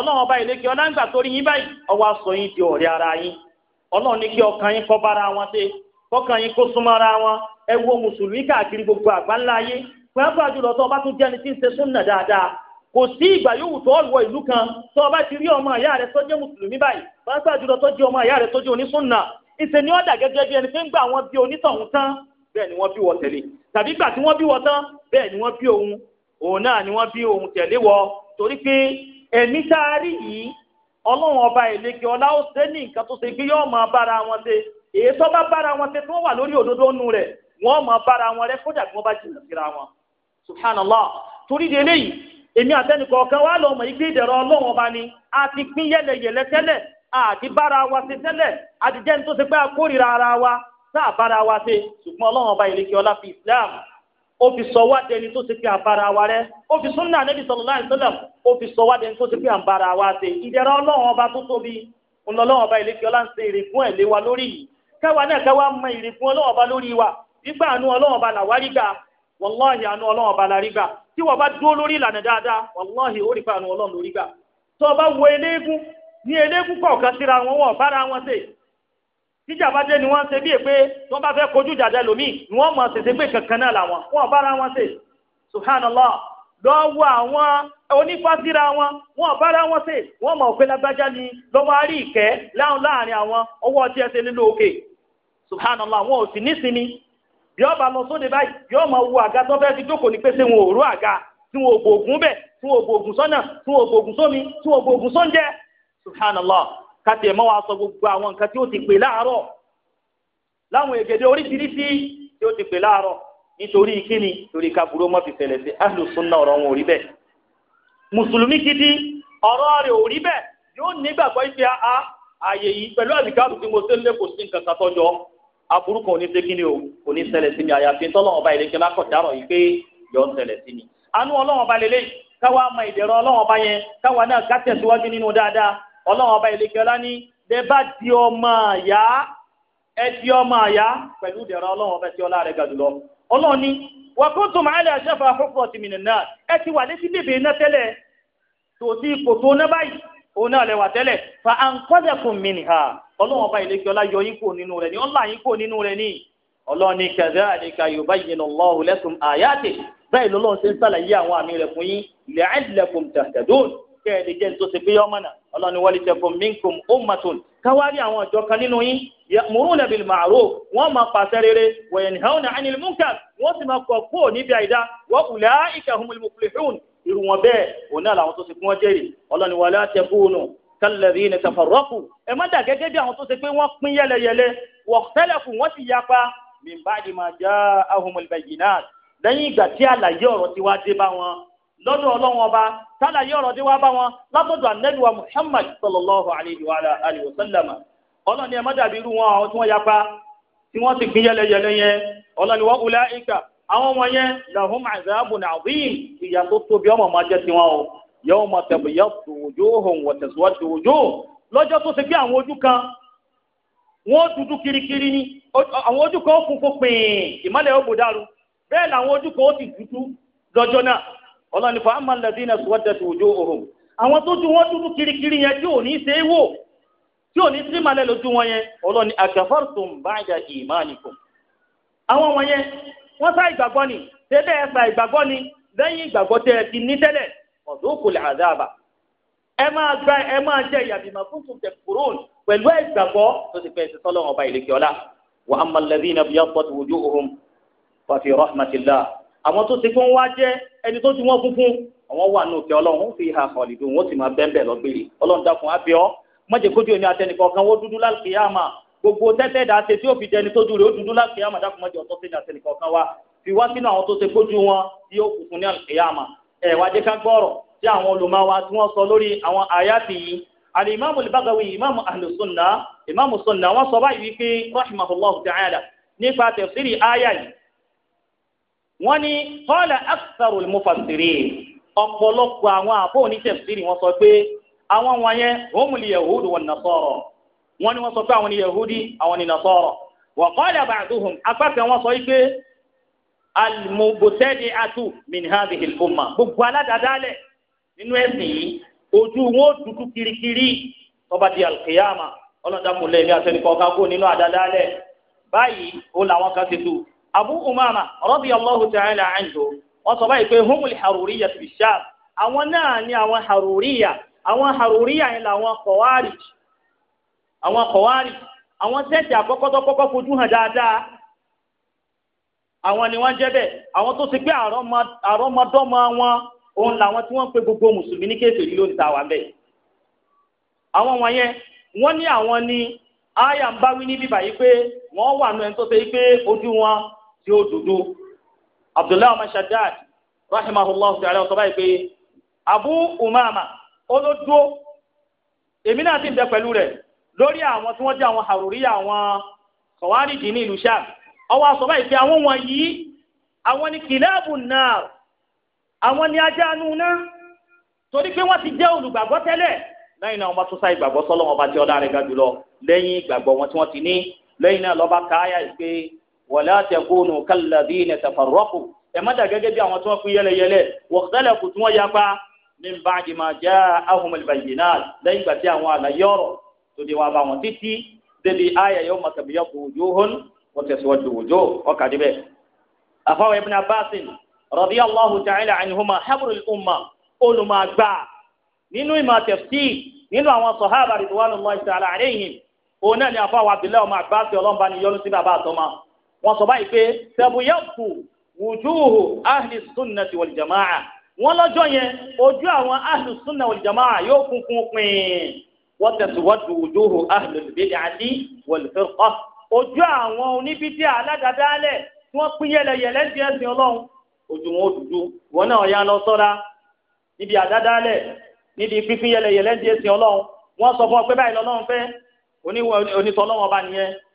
ọba gbà torí yín di ọlọ́run ní kí ọkàn yín kọ́ bára wọn ṣe kọ́kàn yín kó súnmọ́ra wọn ẹ wo mùsùlùmí káàkiri gbogbo àgbáńlá ayé pàápàá jùlọ tó o bá tún jẹ́ ẹni tí ń ṣe súnà dáadáa kò sí ìgbà yòówù tó wọ ìlú kan tó o bá ti rí ọmọ ìyá rẹ tó jẹ́ mùsùlùmí báyìí pàápàá jùlọ tó jẹ́ ọmọ ìyá rẹ tó jẹ́ onísúnà ìṣe ni ó dà gẹ́gẹ́ bí ẹni pé ń gbà wọn bí onítọ̀hún tán bẹ́ẹ̀ ni wọ́n bí wọ tẹ̀lé tàbí gbà tí wọ́n bí wọ tán bẹ́ẹ̀ ni wọ́n bí òun òun náà ni wọ́n bí òun tẹ̀lé wọ torí pé ẹ̀mí tá a rí yìí ọlọ́run ọba ìlékè ọlá ó ṣe ní nǹkan tó ṣe pé yóò máa bára wọn ṣe èyí tó bá bára wọn ṣe tí wọ́n wà lórí òdodo nù rẹ̀ wọ́n máa bára wọn rẹ kódà bí wọ́n bá jìnnà síra wọn subhanallah torí de eléyìí èmi àtẹnìkọ̀ọ̀kan wà lọ́mọ ìgbé ìdẹ̀rọ ọlọ́run ọba ni a ti pín yẹlẹyẹlẹ tẹ́lẹ̀ àti bára wa ṣe tẹ́lẹ̀ àti jẹ́ni tó ṣe pé a ara wa tá bára wa ṣe ṣùgbọ́n ọlọ́run ọba ìlékè ọlá fi Islam o fi sọ wá dẹni tó ti fi àbára wa rẹ o fi súnà Ànábì sallallahu alaihi wasallam fi sọ wá dẹni tó ti fi àbára wa ṣe ìdẹ̀ra ọlọ́run ọba tó tóbi ńlọlọ́run ọba ìlẹ́kì ọlá ń ṣe lé wa lórí yìí kẹwàá náà kẹwàá mọ ìrìnkún ọlọ́run ọba lórí wa gbígbà àánú ọba gbà àánú ọba làrí gbà tí bá dúró lórí ìlànà dáadáa tíjà bá dé ni wọ́n ń ṣe bí èpè wọ́n bá fẹ́ kojú jàdá lómìn ni wọ́n mọ̀ ṣẹ̀ṣẹ̀ pé kankan náà làwọn wọ́n bára wọn ṣe subhanallah lọ́wọ́ àwọn onífásíra wọn wọ́n wọn ṣe wọ́n mọ̀ pé lágbájá lọ́wọ́ àárí ìkẹ́ àwọn ọwọ́ nínú òkè subhanallah wọn ò sì bí ọba lọ báyìí yóò mọ wo àga tó fẹ́ káti ẹ̀ mọ́ wa sọ gbogbo àwọn nǹkan tí ó ti pè láàárọ̀ láwọn ègèdè oríṣiríṣi tí ó ti pè láàárọ̀ nítorí kíni torí fi fẹ̀lẹ̀ sí ahlùsúnà ọ̀rọ̀ wọn ò rí bẹ́ẹ̀ mùsùlùmí gidi ọ̀rọ̀ rẹ̀ ò rí bẹ́ẹ̀ yóò a ààyè yìí pẹ̀lú àdìgáàrù tí mo sẹ́lẹ̀ kò sí nǹkan sàtọ́jọ́ o kò ní ṣẹlẹ̀ sí mi àyàfi tọ́lọ́wọ́n ba ìlẹ́kẹ́ ọlọ́run ọba ìlẹ́kẹ́ ọlá ní bẹ́ẹ̀ bá di ọmọ àyá ẹ di ọmọ àyá pẹ̀lú ìdẹ̀ra ọlọ́run ọba tí ọlá rẹ̀ ga jùlọ ọlọ́run ní wọ́n kó tó màálẹ̀ àṣẹ́fà àkókò tìmìnì náà ẹ ti wà létí bèbè iná tẹ́lẹ̀ tòsí ipò tó ná báyìí òun náà lẹ́wà tẹ́lẹ̀ fa àǹkọ́dẹ̀kùn mìnìhà ọlọ́run ọba ìlẹ́kẹ́ ọlá yọ yín kò nínú rẹ̀ ní ọlá yín kò nínú rẹ̀ ní kẹ́ ẹ lè jẹ́ nítorí ṣe pé yọ ọmọ náà ọlọ́ni wọ́n lè tẹ̀ fún minkum ummatun káwárí àwọn ìjọ kan nínú yín ya'muruna bil ma'ruf wọ́n máa pàṣẹ rere wa yanhauna 'anil munkar wọ́n sì máa kọ̀ kó níbi àìdá wa ulaika humul muflihun irú wọn bẹ́ẹ̀ òun náà làwọn tó ṣe fún wọn jẹ́rìí ọlọ́ni wala takunu kallazina tafarraqu ẹ má lọ́dọ̀ ọlọ́run ọba sálàyé ọ̀rọ̀ dé wá bá wọn látọ̀dọ̀ anẹ́lùwà muhammad sallallahu alayhi wa alayhi wa sallama ọlọ́ni ẹ̀ má irú wọn àwọn tí wọ́n yapa tí wọ́n ti gbin yẹlẹyẹlẹ yẹn ọlọ́ni wa ulaika àwọn wọn yẹn lahum azabun azim ìyà tó tóbi ọmọ máa jẹ́ wa ti ọlọ́run ní fàámà lẹ́dínà sọ́dẹ̀tì òjò òhùn àwọn tó ju wọn dúdú kirikiri yẹn tí ò ní ṣe é wò tí ò ní sí màlẹ́ lójú wọn yẹn ọlọ́run ní àgàfàrùtùm báyà ìmánìkùn àwọn wọn yẹn wọ́n sá ìgbàgbọ́ ni tẹ́lẹ̀ ẹ sá ìgbàgbọ́ ni lẹ́yìn ìgbàgbọ́ tẹ́ ẹ ti ní tẹ́lẹ̀ ọ̀dọ́kùnrin àdáàbà ẹ máa gba ẹ máa jẹ ìyàbìmọ̀ fúnfún tẹ kúrón pẹ̀lú ìgbàgbọ́ tó ti fẹ́ sọ́lọ́ ọba ìlẹ́kẹ́ ọ̀la wa amma alladhina bíyà pọ̀tù wujuhum fa fi àwọn tó ti fún wa jẹ́ ẹni tó ti wọ́n funfun àwọn wà ní òkè ọlọ́run fi hà hàn nìdú wọn sì máa bẹ́ẹ̀ lọ́gbèrè ọlọ́run dákun àbẹ̀ ọ́ mọ̀jẹ̀ kójú èmi àtẹnìkan kan wọ́n dúdú lálùkìyàmà gbogbo tẹ́tẹ́ dà ṣe tí ó fi jẹni tó dúró dúdú lálùkìyàmà dákun mọ̀jẹ̀ ọ̀tọ́ sẹ́ni àtẹnìkan kan wa fi wá sínú àwọn tó ṣe kójú wọn tí ó funfun ní àlùkìyàmà ẹ̀ wá jẹ́ ká gbọ́rọ̀ tí àwọn olùmọ̀ wa tí wọ́n sọ lórí àwọn àyàtì yìí alimami al-Baghawi imaamu ahlusunna imaamu sunna wọ́n sọ báyìí wípé rahimahullahu ta'ala nípa tafsiri aya yìí wọ́n ni qala aktharul mufasiri ọpọlọpọ àwọn àbọ̀ onítẹ̀sírì wọ́n sọ pé àwọn wọ̀nyẹn humul yahudu wan nasara wọ́n ní wọ́n sọ pé àwọn ni yahudi àwọn ni nasọrọ wa qala ba'duhum sọ pé gbogbo nínú yìí ojú wọn ò dúdú kirikiri di kó nínú báyìí ó làwọn kan abu umama radiyallahu ta'ala anhu wọ́n sọ báyìí pé humul haruriya fi sham àwọn náà ni àwọn haruriya àwọn haruriya yẹn làwọn kọ̀wárì àwọn kọ̀wárì àwọn sẹ́ẹ̀tì àkọ́kọ́tọ́kọ́kọ́ fojú hàn dáadáa àwọn ni wọ́n jẹ́ bẹ́ẹ̀ àwọn tó ti gbé àrọ́mọdọ́mọ wọn òun làwọn tí wọ́n pe gbogbo mùsùlùmí ní kéèfèrí lónìí tá wà bẹ́ẹ̀ àwọn wọ̀nyẹn ni aya ń bá níbí báyìí pé wọ́n wà nù ẹni tó tí ó dúdú abdullahi ọmọ shaddad rahimahullah ta'ala ọ̀sọ́ báyìí pé abu umama olódó èmi náà ti ń bẹ pẹ̀lú rẹ̀ lórí àwọn tí wọ́n jẹ́ àwọn haruri àwọn kọ̀wárìdì ní ìlú sham ọwọ́ aṣọ báyìí pé àwọn wọ̀nyí àwọn ni kìláàbù náà àwọn ni ajánu náà torí pé wọ́n ti jẹ́ olùgbàgbọ́ tẹ́lẹ̀ lẹ́yìn náà wọ́n tún sáyé gbàgbọ́ sọ́lọ́wọ́n ọba tí ọ̀dà rẹ̀ ga jùlọ lẹ́yìn ìgbàgbọ́ wọn tí wọ́n ti ní lẹ́yìn náà lọ́ba káyà pé wala takunu kalladhina tafarraqu ẹ má dà gẹ́gẹ́ bí àwọn tí wọ́n fi yẹlẹyẹlẹ wọ̀kẹ́lẹ̀ kù tí wọ́n yapa min ba'di ma ja'ahumul bayyinat lẹ́yìn ìgbà tí àwọn àlàyé ọ̀rọ̀ tó di wọn bá wọn títí débi ayé yawma tabyaddu wujuhun wa taswaddu wujuh ọkà débẹ̀. àfọwọ́ ibn Abbas radiyallahu ta'ala anhuma habrul umma olùmọ̀ nínú ìmọ̀ tafsir nínú àwọn sahaba ridwanullahi ta'ala alayhim òun náà ni àfọwọ́ abdullahi ọmọ àgbà sí ọlọ́mọba ni àtọ́mọ́ wọ́n sọ báyìí pé sẹ̀bùyẹ́pù wùjúhù ahli sunnati wal jama'a wọ́n lọ́jọ́ yẹn ojú àwọn ahli sunna wal jama'a yóò funfun pin wọ́n tẹ̀síwájú wùjúhù ahli bid'ati wal firqa ojú àwọn oníbití aládàdálẹ̀ tí wọ́n pín yẹlẹyẹlẹ ń di ẹ̀sìn ọlọ́run ojú wọn ó dúdú wọn náà ya lọ sọ́ra níbi àdádálẹ̀ níbi pínpín yẹlẹyẹlẹ ń di ẹ̀sìn ọlọ́run wọ́n sọ fún ọ pé báyìí lọ́lọ́run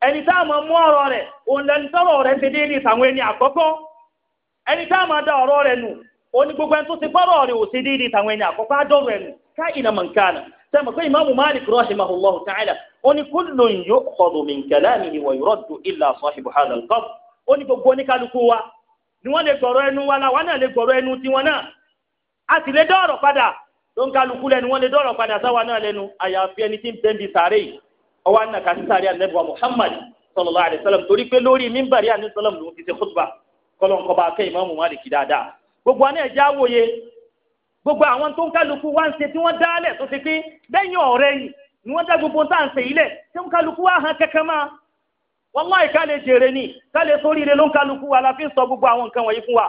ẹni tá a máa mú ọ̀rọ̀ rẹ̀ òun lẹni tọ́rọ̀ rẹ̀ ṣe déédéé tàwọn ẹni àkọ́kọ́ ẹni tá a máa da ọ̀rọ̀ rẹ̀ nù òun gbogbo ẹni tó ti gbọ́rọ̀ rẹ̀ ò ṣe déédéé tàwọn ẹni àkọ́kọ́ àdọ́rọ̀ ẹ̀ ká ìnà mọ̀ nǹkan àná sẹ́mi pé ìmáàmù Malik rahimahullahu ta'ala ó ní kullun ó ní gbogbo oníkálukú wa ni wọ́n lè gbọ̀rọ̀ ẹnu wa la wọ́n náà ọwọ́ anaka sísáré anẹ́bùwà Muhammad sallallahu alaihi wasallam torí pé lórí mímbàrí anẹ́sọ́lọ́m ló ti ṣe kútùbà kọ́lọ́nkọ́ba akẹ́ ìmáàmù Málíkì dáadáa gbogbo àná ẹ̀já wòye gbogbo àwọn tó ń kálukú wá ń ṣe tí wọ́n dálẹ̀ tó ti pé lẹ́yìn ọ̀rẹ́ yìí ni wọ́n dá gbogbo tá à yìí lẹ̀ tí wọ́n kálukú wá hàn kẹ́kẹ́ máa wọ́láì ká lè jèrè ni ká sórí ire ló ń kálukú wa la sọ gbogbo àwọn nǹkan wọ̀nyí fún wa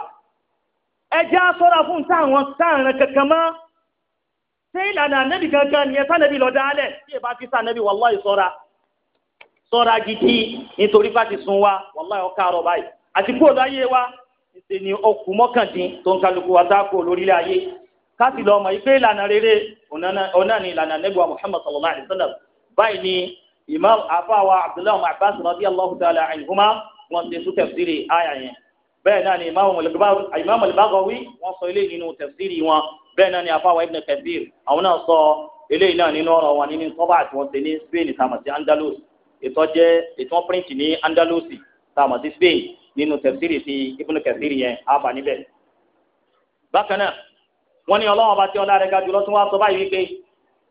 ẹ̀já sọ́ra fún táwọn táàrin kankan máa ṣé ilana ànábì kankan nìyẹn sanabi lọ dálẹ̀ tí èbá ti sànẹ́bì wàláì sọ́ra sọ́ra gidi nítorí bá ti sun wa wàláì ọ̀ka àrọ̀ báyìí àti kúrò láyé wa ṣe ni ọkùn mọ́kàndín tó ń kálukú wa dáko lórílẹ̀ ayé káàsì lọ́mọ ìpè ìlànà rere ọ̀nà ni ìlànà wa Muhammad báyìí ni imam afa wa abdullahi muhammad ta'ala anhuma ti bẹ́ẹ̀ náà ni imaamu al-Baghawi wọ́n sọ eléyìí nínú tafsiri wọn bẹ́ẹ̀ náà ni afáwa ibn Kathir àwọn náà sọ eléyìí náà nínú ọ̀rọ̀ wọn nínú tọ́ba àti wọn ṣe ní Spain tààmà sí Andalus ètò jẹ́ ètò wọn print ní Andalusi tààmà sí Spain nínú tafsiri ti ibn Kathir yẹn àbá níbẹ̀. bákan náà wọ́n ní ọlọ́wọ́n bá tí ọlá rẹ̀ ga jùlọ tí wọ́n sọ báyìí wípé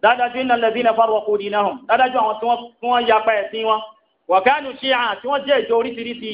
dáadájú iná lẹ́bí iná farwọ́kù dinahum dáadájú àwọn tí wọ́n yapa ẹ̀sìn wọn wọ̀kánù ṣíà tí wọ́n jẹ́ ìjọ oríṣiríṣi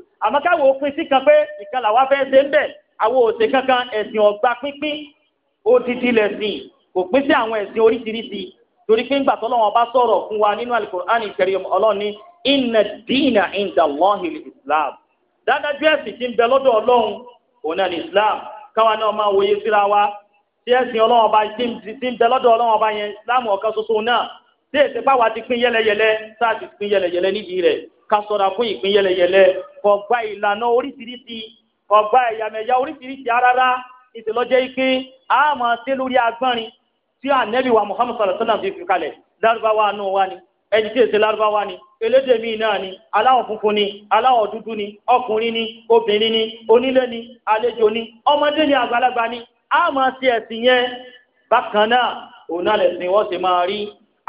àmọ́ káwọn òpin sí kan pé ìkàlà wa fẹ́ ṣe ń bẹ̀ àwọn òsè kankan ẹ̀sìn ọ̀gbà pínpín odidi lẹ̀sìn kò pín sí àwọn ẹ̀sìn oríṣiríṣi torí pé ńgbà tọ́lọ́wọ́n bá sọ̀rọ̀ fún wa nínú alukur'an ìkẹrìm ọlọ́run inna dina inda allahi islam dáadájú ẹ̀sìn ti ń bẹ lọ́dọ̀ ọlọ́run òun ní islam káwa náà máa wòye síra wa tí ẹ̀sìn ọlọ́run ọba ti ń bẹ lọ́dọ̀ ọlọ́run ọba yẹn islam ọ̀kan ṣoṣo náà tí èsì báwa ti pín yẹlẹyẹlẹ sáà ti pín yẹlẹyẹlẹ nídìí rẹ̀ ká sọ̀rọ̀ fún ìpín yẹlẹyẹlẹ kò gba ìlànà oríṣiríṣi kò gba ẹ̀yàmẹ̀yà oríṣiríṣi rárá ìṣèlọ́jẹ́ ike a máa ṣe lórí agbọ́nrin tí ànẹ́bí wa Muhammad sallallahu alaihi wasallam fi fi kalẹ̀ lárúbáwá nù wá ni ẹni tí èsè lárúbáwá ni elédè míì náà ni aláwọ̀ funfun ni aláwọ̀ dúdú ni ọkùnrin ni obìnrin ni onílé ni àlejò ni ọmọdé ni àgbàlagbà ni a máa ṣe yẹn bákan náà òun náà lẹ̀sìn wọ́n ṣe máa rí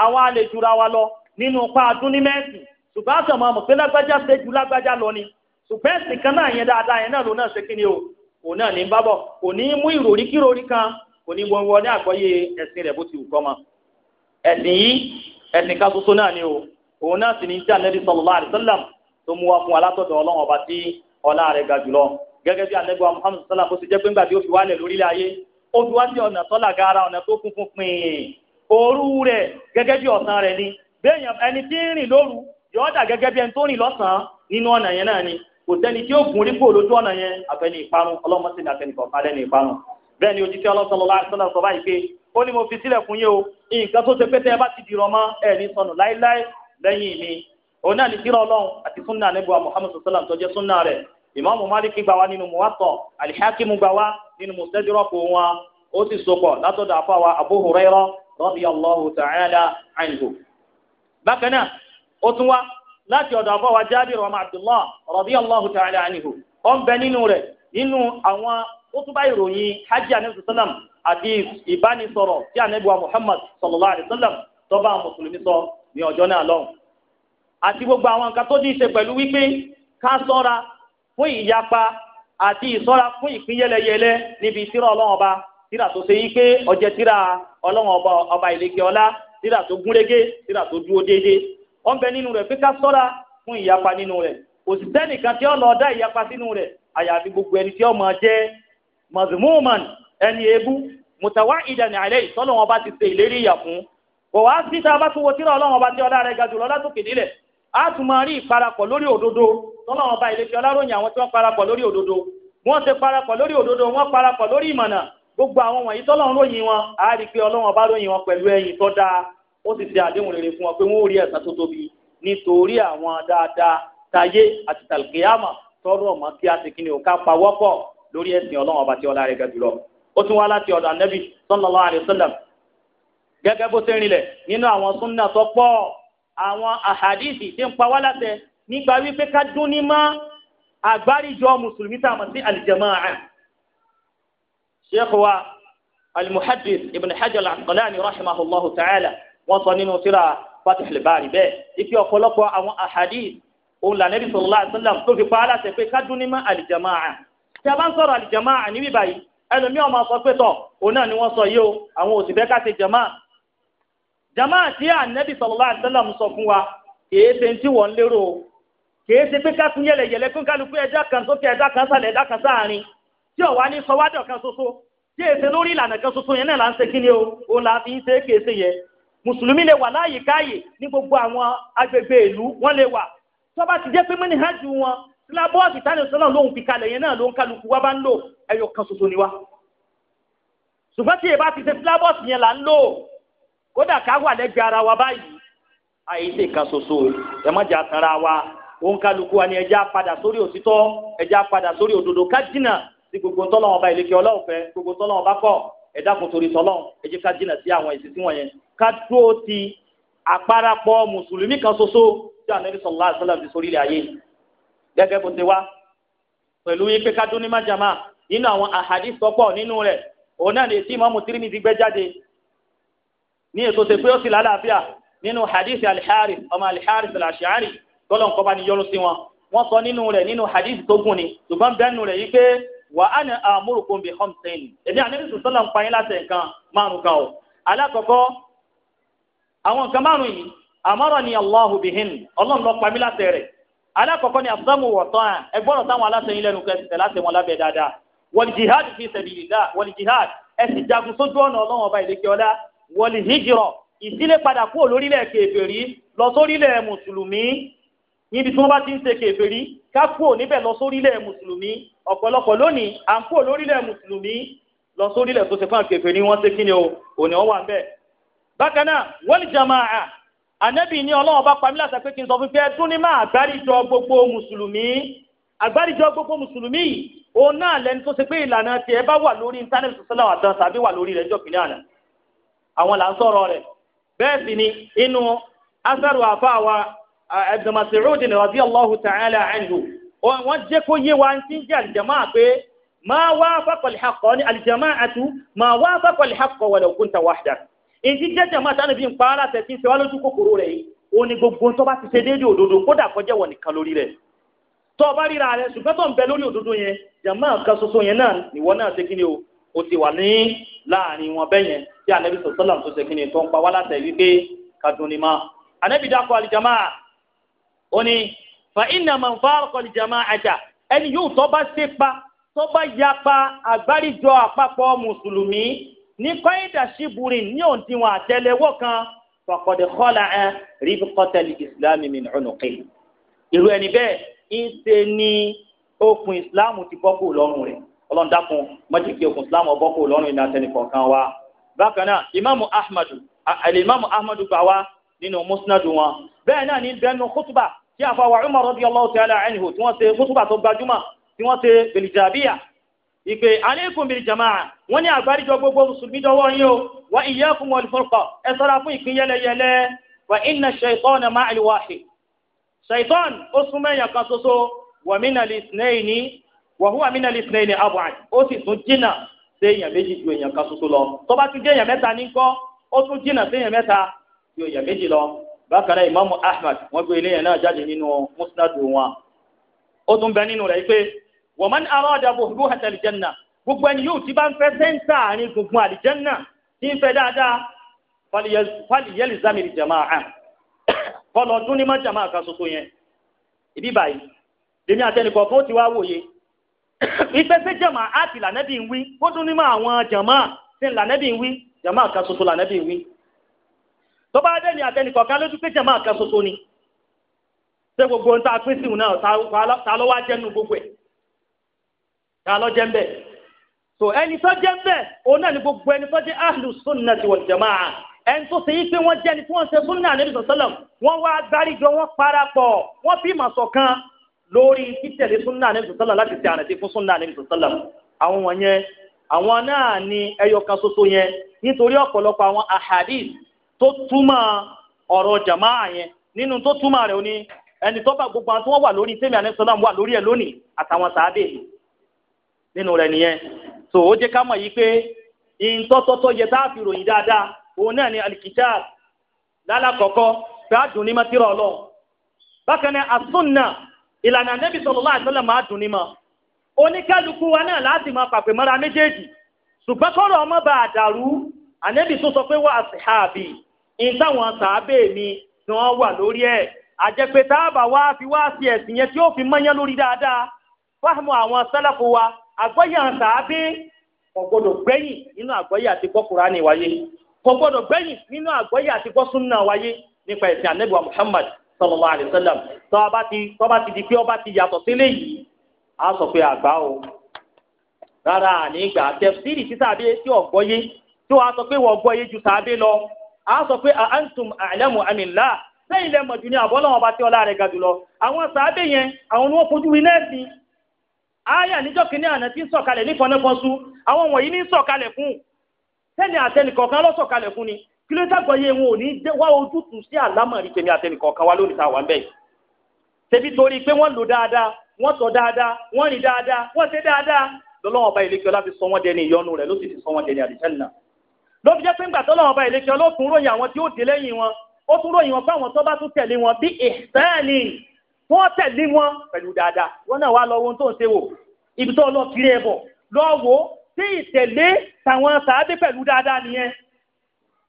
àwa àlejò ra wa lọ nínú pa adúnímẹ́sìn ṣùgbọ́n àtọ̀ máa mọ̀ lágbájá ṣe lọ ni ṣùgbọ́n ẹ̀sìn kan náà yẹn dáadáa yẹn náà ló náà ṣe kí ni o òun náà ní bábọ̀ kò ní mú ìròrí kan kò ní ẹ̀sìn rẹ̀ bó ti wù ẹ̀sìn yìí ẹ̀sìn kan ni o òun náà sì ní tí anabi sallallahu alaihi tó mú wá fún pin òru rẹ̀ gẹ́gẹ́ yọ dà gẹ́gẹ́ bí ẹni tó rìn lọ́sàn-án nínú ọ̀nà yẹn náà ni kò sẹ́ni tí ó gùn rí kó lójú ọ̀nà yẹn àfẹni ìparun ọlọ́mọsí ni àfẹni ìparun bẹ́ẹ̀ ni òjijì ọlọ́sọ̀lọ́lá sọ́nà sọ báyìí pé ó ní mo fi sílẹ̀ fún o nǹkan tó ṣe pé tẹ́ ẹ bá ti dìrọ̀ mọ́ ẹ̀ ní sọnù láéláé lẹ́yìn mi òun náà ní tírà ọlọ́run àti súnà anábìwá muhammadu sallam tó jẹ́ súnà rẹ̀ gbà wá ó tún wá láti ọ̀dọ̀ àbọ̀wá jáde rọ̀mọ́ abdullah radiyallahu ta'ala anhu ó ń bẹ nínú rẹ̀ nínú àwọn ó tún bá ìròyìn hajj anabi sallam àti ìbánisọ̀rọ̀ tí anabi wa muhammad sallallahu alayhi wa sallam tó bá mùsùlùmí sọ ní ọjọ́ náà lọ́hùn àti gbogbo àwọn nǹkan tó ní í ṣe pẹ̀lú wípé ká sọ́ra fún ìyapa àti ìsọ́ra fún ìpínyẹlẹyẹlẹ níbi tírà ọlọ́run ọba tírà tó ṣe wípé ọjẹ́ ọlọ́run ọba ọlá ọ̀n bẹ nínú rẹ pé ká fún ìyapa nínú rẹ kò sí sẹ́nìkan tí ó lọ dá ìyapa sínú rẹ àyàfi gbogbo ẹni tí ó máa jẹ́ mazmuman ẹni ebu mutawa ìdàní àlẹ́ ìtọ́lọ́ wọn bá ti se ìlérí ìyà fún kò wá sí tá a bá tún wo tíra ga jùlọ látòkè tún máa rí lórí òdodo ilé àwọn tí lórí òdodo ti gbogbo àwọn wọ̀nyí ó sì ṣe àdéhùn rere fún wọn pé wọ́n ó rí ẹ̀san tó tóbi nítorí àwọn dáadáa tayé àti tàlùkìyàmà tọrọ ọmọ kí a ti kí ni ò ká pa wọ́pọ̀ lórí ẹ̀sìn ọlọ́run ọba tí ọlá rẹ̀ ga jùlọ ó tún wá láti ọ̀dọ̀ ànábì sallallahu alaihi wasallam gẹ́gẹ́ bó ṣe rinlẹ̀ nínú àwọn súnnà tó pọ̀ àwọn àhàdìsì tí ń pa wá láṣẹ nígbà wípé ká dún ní mọ́ àgbáríjọ mùsùlùmí tá a mọ̀ sí alìjẹmáà sheikh wa almuhaddis ibn hajar al rahimahullahu ta'ala wọ́n sọ nínú síra fatihul bari bẹ́ẹ̀ ife ọ̀pọ̀lọpọ̀ àwọn ahadith òun là nẹ́bí sallallahu alaihi wasallam tó fi pa á láti pé kádùn ní mọ́ àlìjàmáà tí a bá ń sọ̀rọ̀ àlìjàmáà níbí báyìí ẹlòmí ọmọ sọ pé tọ̀ òun náà ni wọ́n sọ yìí o àwọn òsì fẹ́ ká ṣe jàmáà jàmáà tí ànẹ́bí sallallahu alaihi wasallam sọ fún wa kèé ṣe ń tí wọ́n ń lérò o kèé ṣe pé ká tún yẹlẹyẹlẹ kó kálukú ẹ̀dá kan sókè ẹ̀dá kan sàlẹ̀ ẹ̀dá kan sáàrin tí ọ̀wá ní sọwádọ̀ kan ṣoṣo tí èsè lórí ìlànà kan ṣoṣo yẹn náà là ń ṣe kí o òun là fi ń ṣe é kèé ṣe yẹ mùsùlùmí lè wà láàyè káàyè ní gbogbo àwọn agbègbè ìlú wọ́n lè wà tó bá ti jẹ́ pé mẹ́ni hajj wọn sílábọ́ọ̀sì tánì sọ́nà lóhun fi kalẹ̀ yẹn náà ló ń kálukú wá bá ń lò ẹyọ kan ṣoṣo ni wá ṣùgbọ́n tí èbá ti ṣe sílábọ́ọ̀sì yẹn là ń lò kódà ká wà lẹ́gbẹ̀ẹ́ ara wa báyìí àìsè kan ṣoṣo ẹ má jà tanra wa òun kálukú wa ni ẹja padà sórí òtítọ́ ẹja padà sórí òdodo ká jìnnà sí gbogbo tọ́lọ́wọ́n bá ìlẹ́kẹ́ ọlọ́ọ̀fẹ́ gbogbo tọ́lọ́wọ́n bá kọ́ ẹ dákun torí sọlọ́n ẹ jẹ́ ká jìnnà sí àwọn ìsìn tí wọ́n yẹn ká dúró ti àparapọ̀ mùsùlùmí kan ṣoṣo tí ànábì sallallahu alaihi wasallam fi sórí ilẹ̀ ayé gẹ́gẹ́ bó ti wá pẹ̀lú yín pé ká dún ní májàmá nínú àwọn àhàdí sọ́pọ̀ nínú rẹ̀ òun náà lè tí ìmọ̀mù tìrìmì ti gbẹ́ jáde ní ètò tẹ̀ pé ó sì lálàáfíà nínú hadith alihari ọmọ alihari alashari tọ́lọ̀ nǹkan bá ní yọrù sí wọn wọ́n sọ nínú rẹ̀ nínú hadith tó gùn ni ṣùgbọ́n bẹ́ẹ̀ nù rẹ̀ yí pé wà á ní àmúrùkún bíi homsin èmi ànábì sọ̀tọ́lá ń pa yín láti nǹkan márùn kan o alákọ̀ọ́kọ́ àwọn nǹkan márùn yìí àmọ́rọ̀ ni allahu bihin ọlọ́run ló pa mí láti rẹ̀ alákọ̀ọ́kọ́ ni abdulhamu wọ̀tán ẹgbọ́rọ̀ táwọn aláṣẹ yín lẹ́nu kẹsìtẹ̀ láti wọn lábẹ́ dáadáa wal jihad fi sabilillah wal jihad ẹ sì jagun sójú ọ̀nà ọlọ́run ọba ìlẹ́kẹ́ ọlá wal ìsílẹ̀ padà kúrò lórílẹ̀ kèfèrí lọ sórílẹ̀ mùsùlùmí níbi tí wọ́n bá ti ń ṣe kèfèrí ká kúrò níbẹ̀ lọ sórílẹ̀ mùsùlùmí ọ̀pọ̀lọpọ̀ lónìí à ń kúrò lórílẹ̀ mùsùlùmí lọ sórílẹ̀ tó ṣe fún àkèfèrí wọ́n ṣe kí ni o òní wọ́n wà ń bẹ̀. bákan náà wal jamaa ànábì ní ọlọ́run bá pamílà sọ pé kí n sọ fún pé ẹdún ní máa àgbáríjọ gbogbo mùsùlùmí àgbáríjọ gbogbo mùsùlùmí òun náà lẹni tó ṣe pé ìlànà tiẹ̀ bá wà lórí íńtánẹ́ẹ̀tì sọ́sọ́lá àtàn tàbí wà lórí rẹ̀ jọ̀kìnní àná àwọn là ń sọ̀rọ̀ rẹ̀ bẹ́ẹ̀ sì ni inú asẹ́rù àfáà wa Ibn Mas'ud radiyallahu ta'ala anhu wọ́n jẹ́ kó yé wa ti ń jẹ́ àlìjàmá pé ma wafaqa al-haqqa ní al-jama'atu ma wafaqa al-haqqa wa law kunta wahdak ìdí jẹ́ jàmá táwọn ibi ń pa ara tẹ̀sí lójú kòkòrò rẹ̀ yìí ó gbogbo tó bá ti ṣe déédéé òdodo kódà kọjá wọ̀ nìkan lórí rẹ̀ tó o bá ríra rẹ̀ ṣùgbọ́n anabi sọ̀sọ́làm tó ṣe kíni ó ní fa iná máa ń fa ọkọlì jama àjà ẹni yóò tó bá sépa tó bá yapa àgbáríjọ àpapọ̀ mùsùlùmí ní kọ́ńdà ṣíbùrì ní òǹtiwọn àtẹlẹwọ́ kan fàkọ̀dẹ̀ kọ́là ẹ̀ rí kọ́tẹ́lì ìsìlámù mi nùnùkè irú ẹni bẹ́ẹ̀ ń ṣe ní okùn ìsìlámù ti bọ́ kó lọ́rùn rẹ̀ ọlọ́run dákun mọ́jìkì okùn ìsìlámù ọbọ̀ kó lọ́rùn ìlànà tẹnìkọ̀ọ̀kan wa bákan náà ìmáàmù ahmadu àlè ìmáàmù ahmadu gbà wá nínú musnadu wọn bẹ́ẹ̀ náà ní bẹ́ẹ̀ nù kútùbà tí àfàwà Umar radiyallahu ta'ala anhu tí wọ́n ṣe mútúbà tó gbajúmọ̀ tí wọ́n ṣe bèlìjàbíyà ìpè aleikum bèlìjàmáà wọ́n ní àgbáríjọ gbogbo mùsùlùmí dọwọ́ yín o wa iyyakum wal furqa ẹ sọ́ra fún ìpín yẹlẹyẹlẹ wa inna shaytana ma'al wahid shaitan ó súnmọ́ ẹ̀yà kan ṣoṣo wa minal ithnayni wa huwa minal ithnayni ab'ad ó sì bákan náà ìmáàmù ahmad wọ́n gbé eléyàn náà jáde nínú musnad wọn ó tún bẹ nínú rẹ̀ pé wa man arada buhbuhat al-janna gbogbo ẹni yóò ti bá ń fẹ́ sẹ́ńtà àárín gbùngbùn àlìjẹ́nà tí ń fẹ́ dáadáa fàlìyẹ́lì zamiri jama'a kọlọ tún ní má jama'a kan ṣoṣo yẹn ìbí báyìí lèmi àtẹnìkọ̀ fún ó ti wá wòye ìfẹ́ sẹ́ jama'a àti lànẹ́bí ń wí ó tún ní má àwọn jama'a sí lànẹ́bí ń wí jama'a kan ṣoṣo lànẹ́bí ń wí tó bá dé ní àtẹnìkọ̀ọ̀kan lójú pé jẹ̀mọ́ àkan ṣoṣo ni ṣé gbogbo ohun tá a pín sí òun náà ta ló wá jẹ́nu gbogbo ẹ̀ ta ló jẹ́ ń so ẹni tó jẹ́ ń bẹ̀ òun náà ni gbogbo ẹni tó jẹ́ ahlu sunnati wal jamaa ẹni tó ṣe yí pé wọ́n jẹ́ni tí wọ́n ṣe súnà ànábì sọ̀sọ́lọ̀ wọ́n wá gbáríjọ wọ́n parapọ̀ wọ́n fi ìmọ̀ ṣọ̀kan lórí títẹ̀lé súnà ànábì sọ̀sọ́lọ̀ láti ṣe àrẹ̀tí fún súnà ànábì sọ̀sọ́lọ̀ àwọn wọ̀nyẹn àwọn náà ni ẹyọ kan ṣoṣo yẹn nítorí ọ̀pọ̀lọpọ̀ àwọn ahadith tó túmọ̀ ọ̀rọ̀ jamaa yẹn nínú tó túmọ̀ rẹ̀ o ni ẹni tó bá gbogbo àwọn wà lórí tèmi àníṣọ́lá wà lórí ẹ̀ lónìí àtàwọn sàádé mi nínú rẹ̀ nìyẹn tó o jẹ́ ká mọ̀ yìí pé ìǹtọ́tọ́tọ́ yẹ tá a fi ròyìn dáadáa òun náà ni alikitab lálàkọ́kọ́ fẹ́ àdùn ní mọ́tírọ̀ ọlọ́run bákan náà asúnà ìlànà anábì sallallahu alaihi wasallam máa dùn ní oníkálukú wa náà láti máa pàpè mọ́ra méjèèjì ìtàwọn sàábẹ̀ mi ni wọ́n wà lórí ẹ̀ àjẹpẹ́ táàbà wá fi wá sí ẹ̀sìn yẹn tí ó fi mọ́yán lórí dáadáa fáàmù àwọn sálàfò wa àgbọ́yé sàábẹ̀ kò gbọdọ̀ gbẹ́yìn nínú àgbọ́yé àti gbọ́ Kùránì wáyé kò gbọdọ̀ gbẹ́yìn nínú àgbọ́yé àti Muhammad sallallahu ọba ti yàtọ̀ sílé yìí á sọ pé àgbà o rárá tẹ̀síìrì sí sàábẹ̀ tí ọ̀gbọ́yé ju sàábẹ̀ lọ a sọ pé a antum a'lamu amillah sẹ́yìn lẹ́ mọ̀jú ní àbọ̀ lọ́wọ́ bá tí ọlá rẹ̀ ga jùlọ àwọn sàábẹ̀ yẹn àwọn ni wọ́n fojú wí nẹ́ẹ̀sì àyà níjọ́ kìíní àná tí ń sọ̀kalẹ̀ ní fọnẹ́fọ́nsú àwọn wọ̀nyí ní sọ̀kalẹ̀ fún sẹ́ni àtẹnìkọ̀ọ̀kan lọ sọ̀kalẹ̀ fún ni kí ló dàgbọ́yé wọn ò ní wá ojútùú sí àlámọ̀rí tèmi àtẹnìkọ̀ọ̀kan wa lónìí táwa ń bẹ̀ ṣebí torí pé wọ́n lò dáadáa wọ́n tọ́ dáadáa wọ́n rìn dáadáa wọ́n ṣe dáadáa lọ́lọ́wọ́n ọba ìlẹ́kẹ́ ọlá fi sọ wọ́n dẹni ìyọnu rẹ̀ ló sì fi sọ wọ́n dẹni àdìsẹ́nà ló fi jẹ́ pé ńgbà tó lọ́wọ́ ọba ìlẹ́kẹ́ ọlọ́tún ròyìn àwọn tí ó dé lẹ́yìn wọn ó tún ròyìn wọn fáwọn tó bá tún tẹ̀lé wọn bí ìsẹ́ẹ̀lì wọ́n tẹ̀lé wọn pẹ̀lú dáadáa wọ́n náà wá lọ wo ohun tó ń ṣe wò ibi tó lọ kiri ẹ̀bọ̀ lọ wò tí ìtẹ̀lé tàwọn sàábé pẹ̀lú dáadáa nìyẹn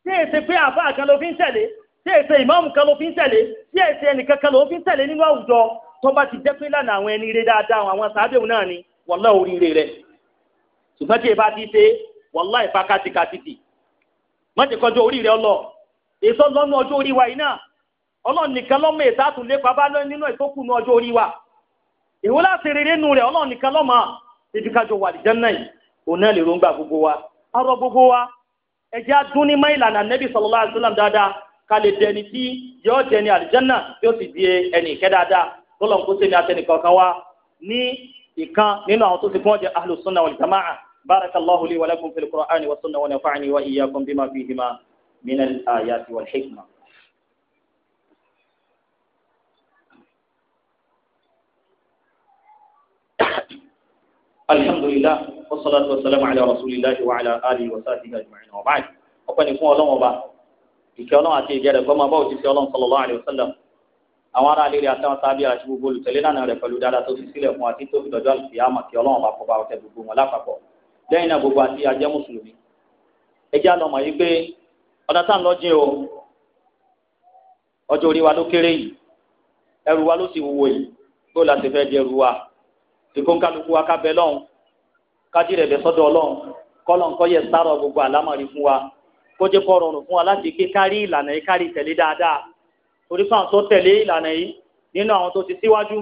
tí èsè pé àbá kan ló fi ń tẹ̀lé tí èsè ìmáàmù kan ló fi ń tẹ̀lé tí èsè ẹnìkan kan ló fi ń tẹ̀lé nínú àwùjọ tó bá ti jẹ́ pé lánàá àwọn ẹni rere dáadáa àwọn sàábé òun náà ni wọ́n lọ́ oríire rẹ̀ ṣùgbọ́n tí ẹ má jẹ́ kọjọ́ orí rẹ ọlọ èso lọ́nú ọjọ́ orí wa yìí náà ọlọ́run nìkan lọ́mọ ètò àtúnlépa bá lọ nínú ìtókù ní wa ìwọ láti rere nu rẹ ọlọ́run nìkan lọ́mọ ibi kájọ wà lìjẹ́ náà òun náà gbogbo wa arọ gbogbo wa ẹjẹ́ adún ní nẹ́bí dáadáa ká lè dẹni tí yọ dẹni àlìjẹ́nà sì di ìkẹ́ dáadáa بارك الله لي ولكم في القرآن والسنة ونفعني وإياكم بما فيهما من الآيات والحكمة الحمد لله والصلاة والسلام على رسول الله وعلى آله وصحبه أجمعين وبعد ọpẹ́ ni fún Ọlọ́run ọba ìkẹ́ Ọlọ́run àti ìgẹrẹ gbọmọ bá òjì sí Ọlọ́run sallallahu alaihi wasallam àwọn ará ilé rẹ̀ àtàwọn sábẹ́ àti gbogbo olùtẹ̀lé lánàá rẹ̀ pẹ̀lú dáadáa tó fi sílẹ̀ fún àti tó fi dọjọ́ àlùfíà mọ kí Ọlọ́run ọba kọba ọtẹ gbogbo wọn lápapọ̀ lẹ́yìn náà gbogbo àti ajẹ́ mùsùlùmí ẹjẹ́ àlọ́mọ̀ yìí pé ọ̀dà tá à ń lọ jìn o ọjọ́ orí wa ló kéré yìí ẹrù wa ló sì wúwo yìí bó la ti fẹ́ di ẹrù wa ìkóńkálukú wa ká bẹ lọ́hùn kájí rẹ̀ bẹ sọ́dọ̀ ọlọ́hùn kọ́lọ̀ ń kọ́yẹ sárọ̀ gbogbo àlámọ̀rí fún wa kó jẹ́ kọ́ rọrùn fún wa láti ké kárí ìlànà yìí kárí tẹ̀lé dáadáa torí fáwọn tó tẹ̀lé ìlànà yìí nínú àwọn tó ti síwájú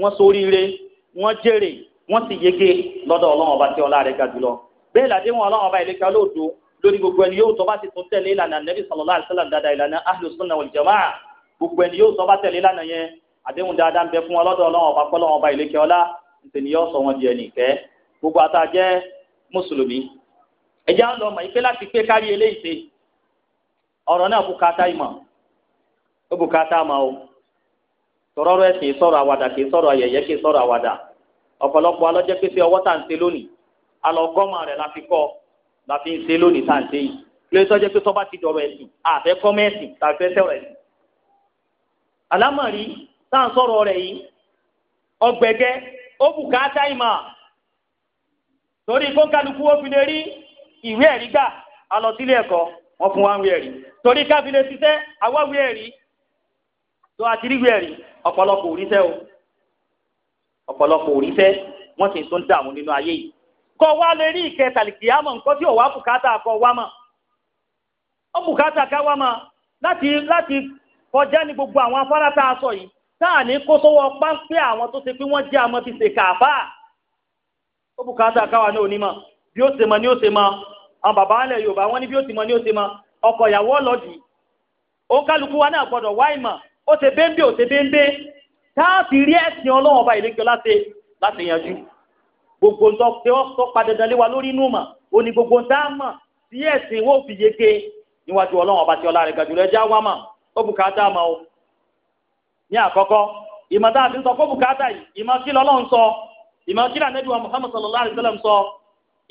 wọ́n ṣoríire wọ́n jèrè wọ́n ti yege lọ́dọ̀ ọlọ́run ọba tí ọlá rẹ̀ ga jùlọ bẹ́ẹ̀ làdé wọn ọlọ́run ọba ìlẹ́kẹ́ olóòdo lórí gbogbo ẹni yóò tó bá ti tún tẹ̀lé ìlànà nẹ́bí sallallahu alaihi dada ìlànà ahlu sunna wal jamaa gbogbo ẹni yóò tó bá tẹ̀lé ìlànà yẹn àdéhùn dáadáa ń bẹ fún ọlọ́dọ̀ ọlọ́run ọba kọ́lọ́run ọba ìlẹ́kẹ́ ata ọ̀pọ̀lọpọ̀ alọ́jẹ́ pé sí ọwọ́ tá à ń ṣe lónìí alọ́gọ́mà rẹ̀ la fi kọ́ la fi ń ṣe lónìí tá à ń ṣe yìí lórí tọ́jẹ́ pé tọ́ba ti dọ̀rọ̀ ẹ̀sìn àfẹ́ kọ́mẹ́ẹ̀sì tàbí sẹ́rọ̀ ẹ̀sìn. àlámọ̀rí tá à ń sọ̀rọ̀ rẹ̀ yìí ọgbẹ̀gẹ́ ó bùkátà ìmọ̀ torí kó kálukú ó fi lè rí ìwé ẹ̀rí gbà alọ sílé ẹ̀kọ́ wọn fún wa ń wí ẹ̀rí torí káfílẹ̀ ṣiṣẹ́ àwáwí ẹ̀rí tó àtìrí wí ẹ̀rí ọ̀pọ̀lọpọ̀ òríṣẹ́ o. ọ̀pọ̀lọpọ̀ òrìṣẹ́ wọ́n sì ń tún dààmú nínú ayé yìí kọ́ wa lè rí ìkẹ́ tàlìkìyàmọ̀ nǹkan tí òwà bùkátà kọ́ wa mọ̀ ó bùkátà ká wa mọ̀ láti láti kọjá ní gbogbo àwọn afárá tá a sọ yìí ní kó páńpẹ́ àwọn tó ṣe pé wọ́n jẹ́ àmọ́ ti ṣe ó bùkátà ní onímọ̀ bí ó ṣe mọ ó ṣe àwọn bàbá Yorùbá wọn ní bí ó ti mọ ó ṣe táàfì rí ẹ̀sìn ọlọ́run ọba ìlẹ́kẹ́ láti láti yanjú gbogbo ń tọ́ pa dandan lé wa lórí inú mà ó ní gbogbo ń tá a mà tí ẹ̀sìn wọ́n fi yeke níwájú ọlọ́run ọba tí ọlá rẹ̀ gàdúrà ẹja wá mà ó bùkátà mà ó ní àkọ́kọ́ ìmọ̀ tá a ti sọ kó bùkátà yìí ìmọ̀ kí lọ́lọ́run sọ ìmọ̀ kí lànà ìdíwọ̀n Muhammad sallallahu alayhi wa sallam sọ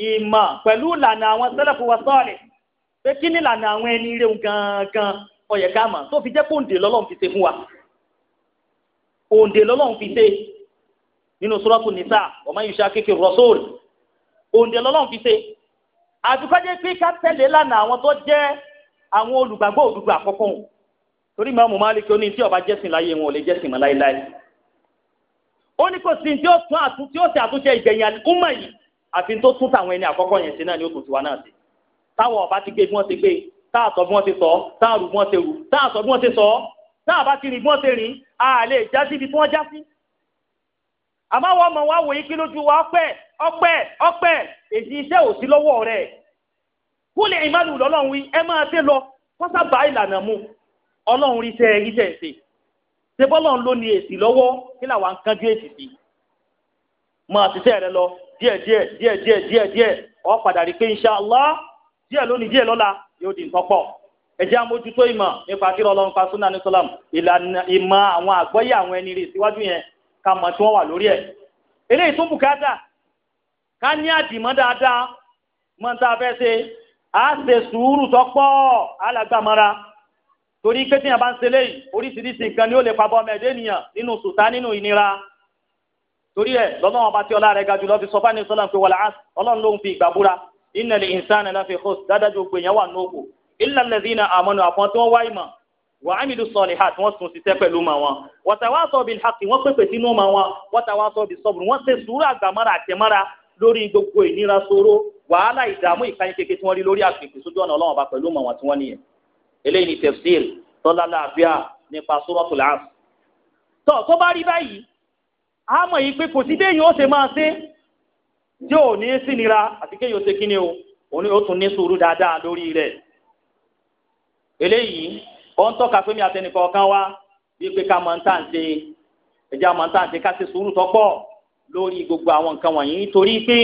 ìmọ̀ pẹ̀lú ìlànà àwọn sẹ́lẹ̀fù wa ni ìlànà àwọn ẹni rẹ̀ gangan ó yẹ ká mà tó fi òǹdè lọ́lọ́run fi ṣe nínú sọ́lọ́tù nìsà ọmọ yìí ṣe akéèké rọ́sọ́ọ̀l òǹdè lọ́lọ́run fi ṣe àtúkọ́jẹ́ pé ká tẹ̀lé lánàá àwọn tó jẹ́ àwọn olùgbàgbọ́ òdùgbò àkọ́kọ́ wọn torí Ìmáàmù Málíkì ó ní tí ó bá jẹ́sìn láyé wọn ò lè jẹ́sìn mọ́ láéláé ó ní kò sí tí ó tún àtún tí ó sì àtúnṣe ìgbẹ̀yìn àdìkúnmọ̀ yìí àfi tó tún táwọn ẹni àkọ́kọ́ yẹn sí náà ni ó tún náà sí táwọn ọ̀bá ti gbé bí wọ́n ti gbé táàtọ̀ bí wọ́n ti sọ táàrù bí wọ́n ti rù táàtọ̀ bí wọ́n ti sọ tá a bá ti rìn bí wọ́n ṣe rìn a lè já sí ibi tí wọ́n já sí. àmọ́ àwọn ọmọ wa wòye kí lójú wa ọpẹ́ ọpẹ́ ọpẹ́ èyí iṣẹ́ ò sí lọ́wọ́ rẹ̀ kúlẹ̀ ìmánu lọ́lọ́run wí ẹ máa dé lọ wọ́n sábà ìlànà mu ọlọ́run rí iṣẹ́ iṣẹ́ ìṣe ṣe bọ́lọ́run ló ní èsì lọ́wọ́ kí làwa ń kánjú èsì sí máa ṣiṣẹ́ rẹ lọ díẹ̀ díẹ̀ díẹ̀ díẹ̀ díẹ̀ díẹ̀ ọ padà ẹjẹ́ amójútó ìmọ̀ nípa kí Ọlọ́run pa súnà ní sọ́làm ìlànà ìmọ̀ àwọn àgbọ́yé àwọn ẹni rè síwájú yẹn ká mọ̀ tí wọ́n wà lórí ẹ̀. eléyìí tún bùkátà ká ní àdìmọ́ dáadáa mọ́ tá a fẹ́ ṣe á ṣe sùúrù tó pọ̀ alágbàmọ́ra torí pé tíyàn bá ń ṣe léyìí oríṣiríṣi nǹkan ni ó lè pabọ́ ọmọ ẹ̀dẹ́ ènìyàn nínú sùtá nínú ìnira torí ẹ̀ lọ́nà ọba tí ọlá rẹ̀ ga jùlọ fi sọ fáni sọ́làm pé wàlá ọlọ́run ló ń fi ìgbà búra innal insana lafi khusr dáadáa ju gbèyàn wà ní illa alladhina amanu àfọn tí wọ́n wá ìmọ̀ wa amilu salihat wọ́n sùn síṣẹ́ pẹ̀lú ma wọn wa tawasaw bil haqqi wọ́n pèpè sínú ma wọn wa tawasaw bis sabr wọ́n ṣe sùúrù àgbàmọ́ra àtẹ̀mọ́ra lórí gbogbo ìnira sóró wàhálà ìdààmú ìkànnì kékeré tí wọ́n rí lórí àgbègbè sójú ọ̀nà ọlọ́wọ́n bá pẹ̀lú ma wọn tí wọ́n ni tafsir tọ́lá láàbíà nípa suratul Asr tọ́ tó bá rí báyìí a mọ̀ yìí pé kò sí déyìn ó ṣe máa ṣe tí ní ni ó tún ní sùúrù eléyìí ó ń tọ́ka pé mi àtẹnìkọ̀ kan wá wípé ká máa ń tà ń ṣe ẹ̀jẹ̀ àmọ́ ń tà ń ṣe ká ṣe sùúrù tọ́pọ̀ lórí gbogbo àwọn nǹkan wọ̀nyí nítorí pé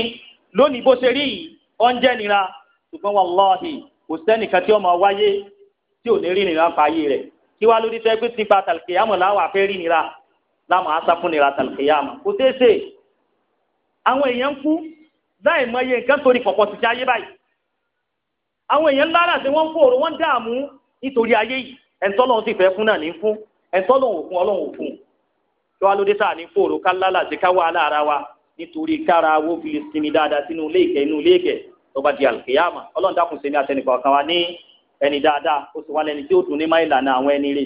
lónìí bó ṣe rí yìí ó ń jẹ́ nira ṣùgbọ́n wàláhì kò sẹ́nìkan tí ó máa wáyé tí ò ní rí nira pa ayé rẹ̀ kí wá lórí tẹ́ pé tipa tàlùkìyàmọ̀ láwọn afẹ́ rí nira láwọn á fún nira tàlùkìyàmọ̀ kò tẹ́ ṣe àwọn èèyàn kú láì mọye nǹkan torí pọ̀pọ̀ ti ṣe ayé báyìí àwọn èèyàn lára tí wọ́n ń fòrò dààmú nítorí ayé yìí ẹ̀ńtọ́lọ́hún sì fẹ́ fún náà ní fún ẹ̀ńtọ́lọ́hún òfun ọlọ́hún òfun kí wàá lóde sáà ní fòrò ká lálàsì ká wà lára wa nítorí kára wo fi lè sinmi dáadáa sínú ilé ìkẹ́ inú ilé ìkẹ́ lọ́ba di àlùkìyàmà ọlọ́run dákun sèmi àtẹnìkọ̀ kan wa ní ẹni dáadáa ó sì wá lẹni tí ó dùn ní má ìlànà àwọn ẹni rè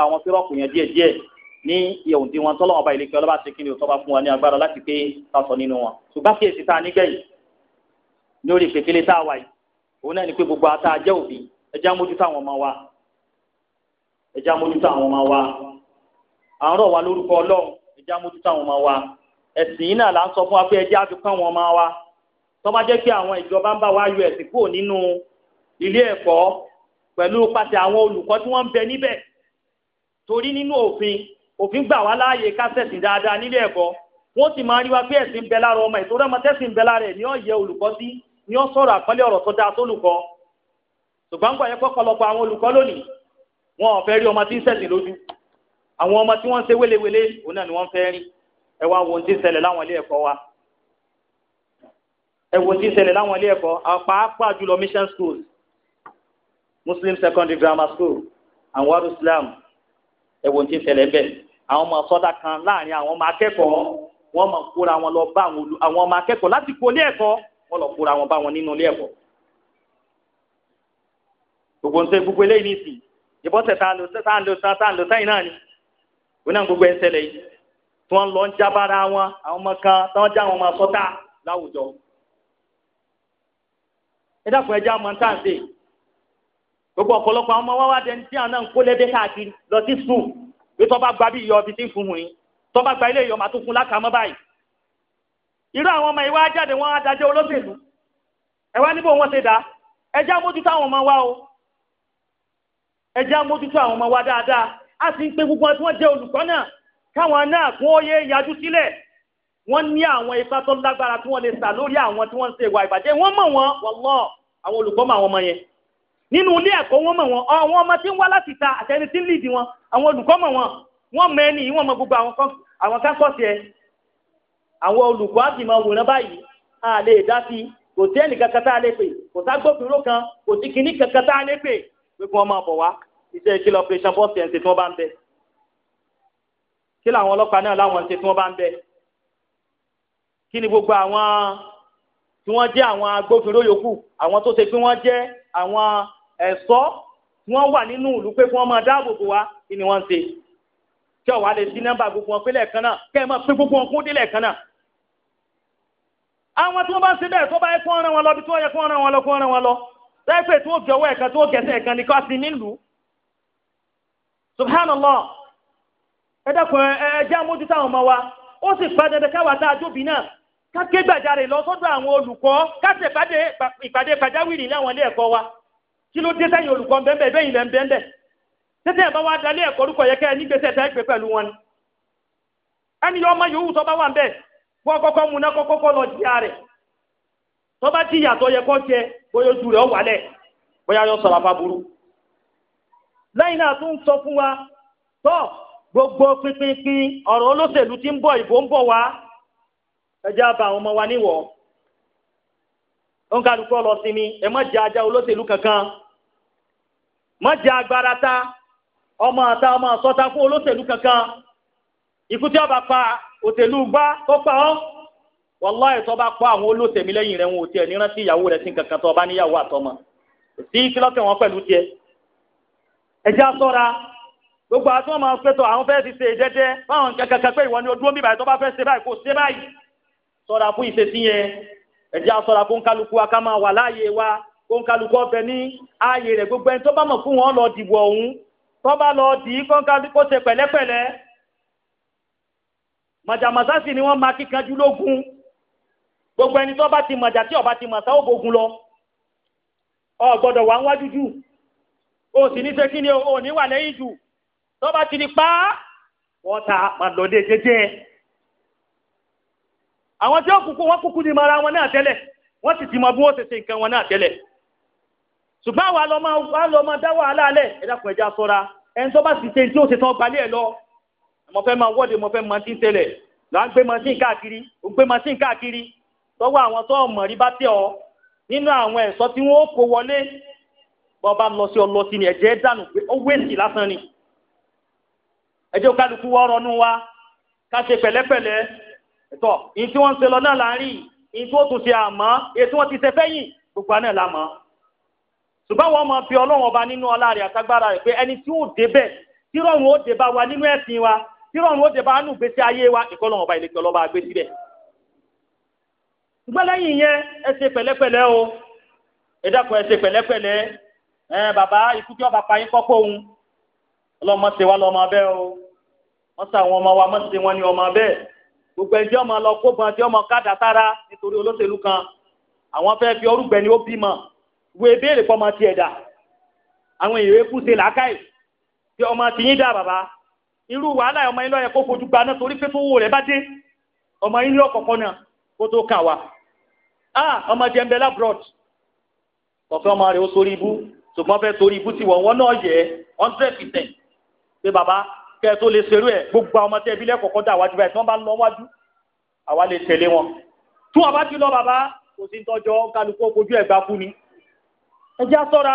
síwájú ní ìyẹ̀wò tí wọn tọ́lọ́wọ́n bá ilé ọlọ́ba ṣe kí ni ò tọ́ba fún wa ní agbára láti pé ká sọ nínú wọn ṣùgbọ́n kí èsì tá a nígbẹ̀yìn lórí ìpèkélé tá a wà yìí òun náà ni pé gbogbo ata jẹ́ òbí ẹja mójútó àwọn ọmọ wa ẹja mójútó àwọn ọmọ wa à ń lórúkọ ọlọ́run ẹja mójútó àwọn ọmọ wa ẹ̀sìn yìí náà là ń sọ fún wa pé ẹja fi pọ́n àwọn ọmọ wa tó bá jẹ́ pé àwọn ìjọba ń bá wa yọ ẹ̀sìn kúrò nínú ilé ẹ̀kọ́ pẹ̀lú pàṣẹ àwọn olùkọ́ tí wọ́n ń bẹ níbẹ̀ torí nínú òfin òfin gbà wá láàyè ká dáadáa nílé ẹ̀kọ́ wọ́n sì máa rí wa pé ẹ̀sìn ń bẹ lára ọmọ ìtòrọ́mọtẹ́sìn ń bẹ lára ẹ̀ ní ọ̀yẹ́ olùkọ́ sí ni ó sọ̀rọ̀ àpẹẹlẹ ọ̀rọ̀ tó dáa tó lùkọ́ ṣùgbọ́n gbà yẹn pọ̀pọ̀lọpọ̀ àwọn olùkọ́ lónìí wọn ò fẹ́ rí ọmọ tí ń ṣẹ̀sìn lójú àwọn ọmọ tí wọ́n ń ṣe wélewèle òun náà ni wọ́n fẹ́ rí ẹ wá wo ti ń ṣẹlẹ̀ láwọn ilé ẹ̀kọ́ wa ẹ wo ti ń ṣẹlẹ̀ láwọn ilé ẹ̀kọ́ pàápàá jùlọ mission schools muslim secondary grammar school anwar islam ẹ wo ti ń ṣẹlẹ̀ bẹ́ẹ̀ àwọn ọmọ sọ́dà kan láàrin àwọn ọmọ akẹ́kọ̀ọ́ wọ́n máa kóra wọn lọ bá àwọn ọmọ akẹ́kọ̀ọ́ láti kó ilé ẹ̀kọ́ wọ́n lọ kóra wọn bá wọn nínú ilé ẹ̀kọ́ gbogbo ń ṣe gbogbo eléyìí nìsí ìbọ̀sẹ̀ tá a lò tá a lò tá a lò sẹ́yìn náà ni wọn náà gbogbo ẹ̀ ń ṣẹlẹ̀ yìí tí wọ́n lọ ń jábára wọn àwọn ọmọ kan tí wọ́n já àwọn ọmọ sọ́tà láwùjọ ẹ dákun ẹ já ọmọ tá à ń ṣe gbogbo ọ̀pọ̀lọpọ̀ àwọn ọmọ wa wá dẹni tí àwọn náà ń kó lẹ́dẹ́ káàkiri lọ sí sùn pé tọ́ bá gba bí ìyọ ọbí tí ń fún un yìí tọ́ bá gba ilé ìyọ màá tún fún lákàmọ́ báyìí irú àwọn ọmọ ìwà jáde wọn adájọ́ olóṣèlú ẹ wá níbo wọn ṣe dá ẹ já mójútó àwọn ọmọ wa o ẹ já mójútó àwọn ọmọ wa dáadáa a sì ń pe gbogbo wọn tí wọn jẹ olùkọ́ náà káwọn náà kún ó yé yájú sílẹ̀ wọ́n ní àwọn ipa tó lágbára tí wọ́n lè sà lórí àwọn tí wọ́n ń ṣe ìwà ìbàjẹ́ wọ́n mọ̀ wọ́n wọ́lọ́ àwọn olùkọ́ mọ̀ àwọn ọmọ yẹn nínú ilé ẹ̀kọ́ wọ́n mọ̀ wọ́n àwọn ọmọ tí ń wá láti ta àtẹni tí ń lìdí wọn àwọn olùkọ́ mọ wọn wọn mọ ẹni wọ́n ọmọ gbogbo àwọn kánkọ́sì ẹ̀ àwọn olùkọ́ á sì máa wòran báyìí a lè dá sí kò sí ẹnì kankan tá a lè pè kò ságbófinró kan kò sí kinní kankan tá a lè pè pé kí máa bọ̀ wá iṣẹ́ kí lọ operation force ẹ̀ ń tí wọ́n bá ń bẹ kí làwọn ọlọ́pàá náà láwọn ń tí wọ́n bá ń bẹ kí ni gbogbo àwọn tí wọ́n jẹ́ àwọn agbófinró yòókù àwọn tó ṣe pé wọ́n jẹ́ àwọn ẹ̀ṣọ́ tí wọ́n wà nínú ìlú pé kí wọ́n máa dáàbò bò wá kí ni wọ́n ń ṣe tí ọ̀wá lè sí nọ́mbà gbogbo wọn pé lẹ́ẹ̀kan náà kẹ́ ẹ máa pé gbogbo wọn kún dé náà àwọn tí wọ́n bá ń ṣe bẹ́ẹ̀ tó bá yẹ kó ń rán wọn lọ bí tó yẹ kó ń rán wọn lọ kó ń rán wọn lọ tẹ́pẹ̀ tó fi ọwọ́ ẹ̀kan tó gẹ̀ẹ́sẹ̀ ẹ̀kan nìkan sí nílùú. subhanallah ẹ dákun ẹ jẹ́ àmójútó àwọn ọmọ wa ó sì pa dandan káwa tá a jóbi náà ká ké gbàjarè lọ sọ́dọ̀ àwọn olùkọ́ ká sì ìpàdé ìpàdé pàjáwìrì ní àwọn ilé ẹ̀kọ́ wa kí ló dé sẹ́yìn olùkọ́ bẹ́ẹ̀ bẹ́ẹ̀ ilẹ̀ bẹ́ẹ̀ bẹ́ẹ̀ tẹ́tẹ́ ẹ̀ bá wá dalé ẹ̀kọ́ orúkọ yẹ kẹ́ ẹ nígbésẹ̀ tẹ́ ẹ gbé pẹ̀lú wọn ni ẹni yọ ọmọ yòówù tó bá wà ń bẹ́ẹ̀ kó kọkọ mu ná kọ́kọ́ lọ jíya rẹ̀ tó bá jíya tó yẹ kọ jẹ bóyá ojú rẹ̀ ó wálẹ̀ bóyá yóò sọ̀rọ̀ afáburú. lẹ́yìn náà tún sọ fún wa tọ, gbogbo pínpínpín ọ̀rọ̀ olóṣèlú tí ń bọ̀ ìbò ń bọ̀ wá ẹjẹ́ àbá àwọn ọmọ wa níwọ̀ ó ń kálukọ́ lọ sinmi ẹ má jẹ ajá olóṣèlú kankan má jẹ agbára ta ọmọ àta ọmọ àsọta fún olóṣèlú kankan ikú tí ọba pa òtẹ̀lú gbá tó pa ọ́ wàláyé tó bá pa àwọn olóòtẹ̀mí lẹ́yìn rẹ̀ wọn ò tiẹ̀ ní rántí ìyàwó rẹ̀ sí kankan tó bá níyàwó àtọmọ sí kílọ̀tẹ̀ wọn pẹ̀lú tiẹ̀ ẹ̀jẹ̀ asọ́ra gbogbo àti wọn máa ń pẹ́tọ̀ àwọn fẹ́ẹ́ ti ṣe ìdẹ́dẹ́ fáwọn kankan pé ìwọ ni o dúró bíbáyìí tó bá fẹ́ ṣe báyìí kò ṣe báyìí sọ́ra fún ìṣesí yẹn ẹ̀jẹ̀ asọ́ra fún kálukú wa ká máa wà láàyè wa kó kálukú ọbẹ̀ ní ààyè rẹ̀ gbogbo ẹni tó bá mọ̀ fún wọn lọ dìbò ọ̀hún tó bá lọ dì í kó ṣe pẹ̀lẹ́pẹ̀lẹ́ màjàmásá sì ni wọ́n máa kíkanjú lógun gbogbo ẹni tó bá ti màjà tí ọba ti màsá ògbógun lọ ọ gbọ́dọ̀ wà ń wájú jù o sì ní ṣe kí ni o ní wà lẹ́yìn jù tó bá ti di pa wọ́n ta màlọdé jẹ́jẹ́ àwọn tí wọ́n kúkú wọ́n kúkú ní mara wọn náà tẹ́lẹ̀ wọ́n sì ti mọ bí wọ́n ṣe ṣe nǹkan wọn náà tẹ́lẹ̀ ṣùgbọ́n àwa lọ máa dá wàhálà alẹ́ ẹ̀dá kan ẹja ṣọ́ra ẹni tó bá sì ṣe tí ó ṣe tán gbalẹ̀ lọ mo fẹ́ máa wọ́de mo fẹ́ máa ti ń tẹ̀lẹ̀ là ń gbé machine káàkiri ò ń gbé machine káàkiri tọ́wọ́ àwọn tó mọ̀ rí bá tẹ̀ ọ́ nínú àwọn ẹ̀sọ́ tí wọ́n kó wọlé bọ́ba lọ sí ọlọ sí ni ẹ̀jẹ̀ dànù pé ó wéèsì lásán ni ẹ̀jẹ̀ kálukú wọ́n rọnú wa ká ṣe pẹ̀lẹ́pẹ̀lẹ́ ẹ̀tọ́ ìyìn tí wọ́n ń ṣe lọ náà là ń rí ìyìn tí ó tún ṣe àmọ́ èyí tí wọ́n ti ṣe fẹ́yìn gbogbo àná là mọ́ ṣùgbọ́n wọ́n mọ̀ fi ọlọ́run ọba nínú ọlá rẹ̀ àtagbára rẹ̀ pé ẹni tí ó débẹ̀ tí rọrùn ó débá wa nínú ẹ̀sìn wa tírọ̀rùn ó dé bá nù gbèsè ayé wa ìkọlọ̀ ọba ìlẹ̀kẹ̀ ọlọ́ba àgbé síbẹ̀. gbẹ́lẹ́yìn yẹn ẹ pẹ̀lẹ́pẹ̀lẹ́ o ẹ dákun ẹ ṣe pẹ̀lẹ́pẹ̀lẹ́ ẹ bàbá ikú kí ọba pa yín kọ́kọ́ òun ọlọ́mọ ṣe wá lọ́mọ abẹ́ o wọ́n sà wọn ọmọ wa mọ́ ṣe wọn ní ọmọ abẹ́ gbogbo ẹjọ́ ọmọ lọ kó ban ẹjọ́ ọmọ káàdà sára nítorí olóṣèlú kan àwọn fẹ́ fi ọrùgbẹ́ ni ó bímọ wo ebéèrè pọ́ ọmọ tiẹ̀ dà àwọn èrè kú ṣe làákàyè tí ọmọ tiyín dà bàbá irú wàhálà ọmọ yín lọ́yẹ̀ kó fojú gba náà torí pé tó wò rẹ̀ bá dé ọmọ yín yọ kọ̀ọ̀kan náà kó tó kà wá ọmọ jẹ́ ń bẹ lábrọ̀d ọ̀fẹ́ ọmọ rẹ̀ ó sórí ibú ṣùgbọ́n fẹ́ sórí ibú tí wọ̀nwọ́n náà yẹ hundred percent pé bàbá kẹ́ ẹ tó lè ṣerú ẹ̀ gbogbo àwọn ọmọdé ẹbí lẹ́kọ̀ọ́kọ́ dà wájú báyìí tí wọ́n bá lọ wájú àwa lè tẹ̀lé wọn tí wọ́n bá ti lọ bàbá kò sí tọ́jọ́ kálukú ojú ẹ̀ gbá fún ni ẹ já sọ́ra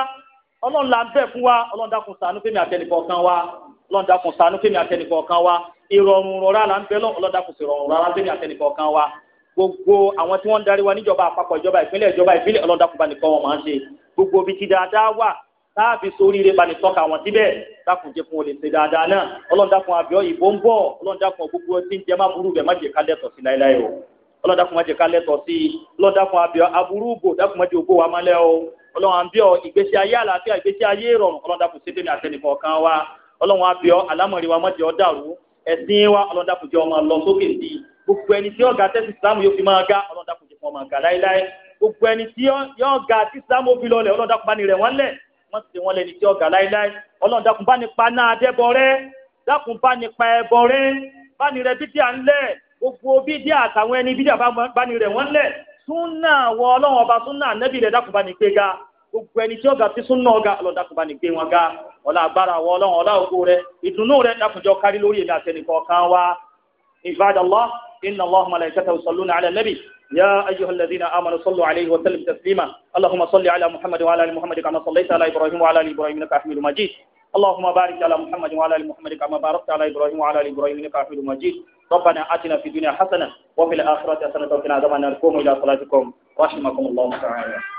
ọlọ́run là ń bẹ̀ fún wa ọlọ́run dákun ṣàánú fẹ́mi àtẹnìkọ̀ọ̀kan wa lọ́ndàkùn ṣàánú fèmí àtẹnìkọ̀ọ̀kan wa ìrọ̀rùn rọra là ń bẹ lọ́ndàkùn sí ìrọ̀rùn rọra fèmí àtẹnìkọ̀ọ̀kan wa gbogbo àwọn tí wọ́n ń darí wa níjọba àpapọ̀ ìjọba ìpínlẹ̀ ìjọba ìpínlẹ̀ ọlọ́dàkùn bá nìkan wọn máa ń ṣe gbogbo ibi tí dáadáa wà táàbì sóríire bá ní tọ́ka wọn síbẹ̀ dákun jẹ́ fún olè ṣe dáadáa náà ọlọ́dàkùn àbíọ́ ìbò ń bọ̀ ọlọ́dàkùn gbogbo tí ń jẹ má burú bẹ̀ má jẹ ká lẹ́tọ̀ sí láéláé o ọlọ́dàkùn má jẹ ká lẹ́tọ̀ sí ọlọ́dàkùn àbíọ́ aburú bò dákun má jẹ ògbó wa má lẹ́ o ọlọ́run àbíọ́ ìgbésí ayé àlàáfíà ìgbésí ayé ìrọ̀rùn ọlọ́dàkùn ṣètò ní àtẹnìkọ̀ọ̀kan wa ọlọ́run á bẹ̀ ọ́ àlámọ̀rí wa mọ̀jẹ̀ ọ́ dàrú ẹ̀sìn wa ọlọ́run dàkùn jẹ́ ọmọ lọ sókè sí gbogbo ẹni tí ọ̀gá tẹ́sí ìsìlámù yóò fi máa ga ọlọ́run dàkùn jẹ́ ọmọ ga láéláé gbogbo ẹni tí ọ̀gá tí ìsìlámù fi lọlẹ̀ ọlọ́run dàkùn bá ní rẹ̀ wọ́n lẹ̀ wọ́n sì wọ́n lẹ́ni tí ọ̀gá láéláé ọlọ́run dàkùn bá ní pa náà dẹ́bọ rẹ́ dàkùn bá ní pa ẹbọ gbogbo ẹni tí ọ̀gá tí súnà ọ̀gá ọlọ́dàkùn bá ní gbé wọn ga ọ̀la agbára wọ ọlọ́run ọ̀la ògo rẹ ìdùnnú rẹ dákùnjọ kárí lórí èmi àtẹnì kọ̀ọ̀kan wa ibadallah inna allah malaikata usalluna ala nabi ya ayyuhal ladina amanu sallu alayhi wa sallim taslima allahumma salli ala muhammad wa ala ali muhammad kama sallaita ala ibrahim wa ala ibrahim innaka hamidum majid اللهم بارك على محمد وعلى ال محمد كما باركت على ابراهيم وعلى ال ابراهيم انك حميد مجيد ربنا اتنا في الدنيا حسنه وفي الاخره حسنه وقنا عذاب النار قوموا الى صلاتكم رحمكم الله تعالى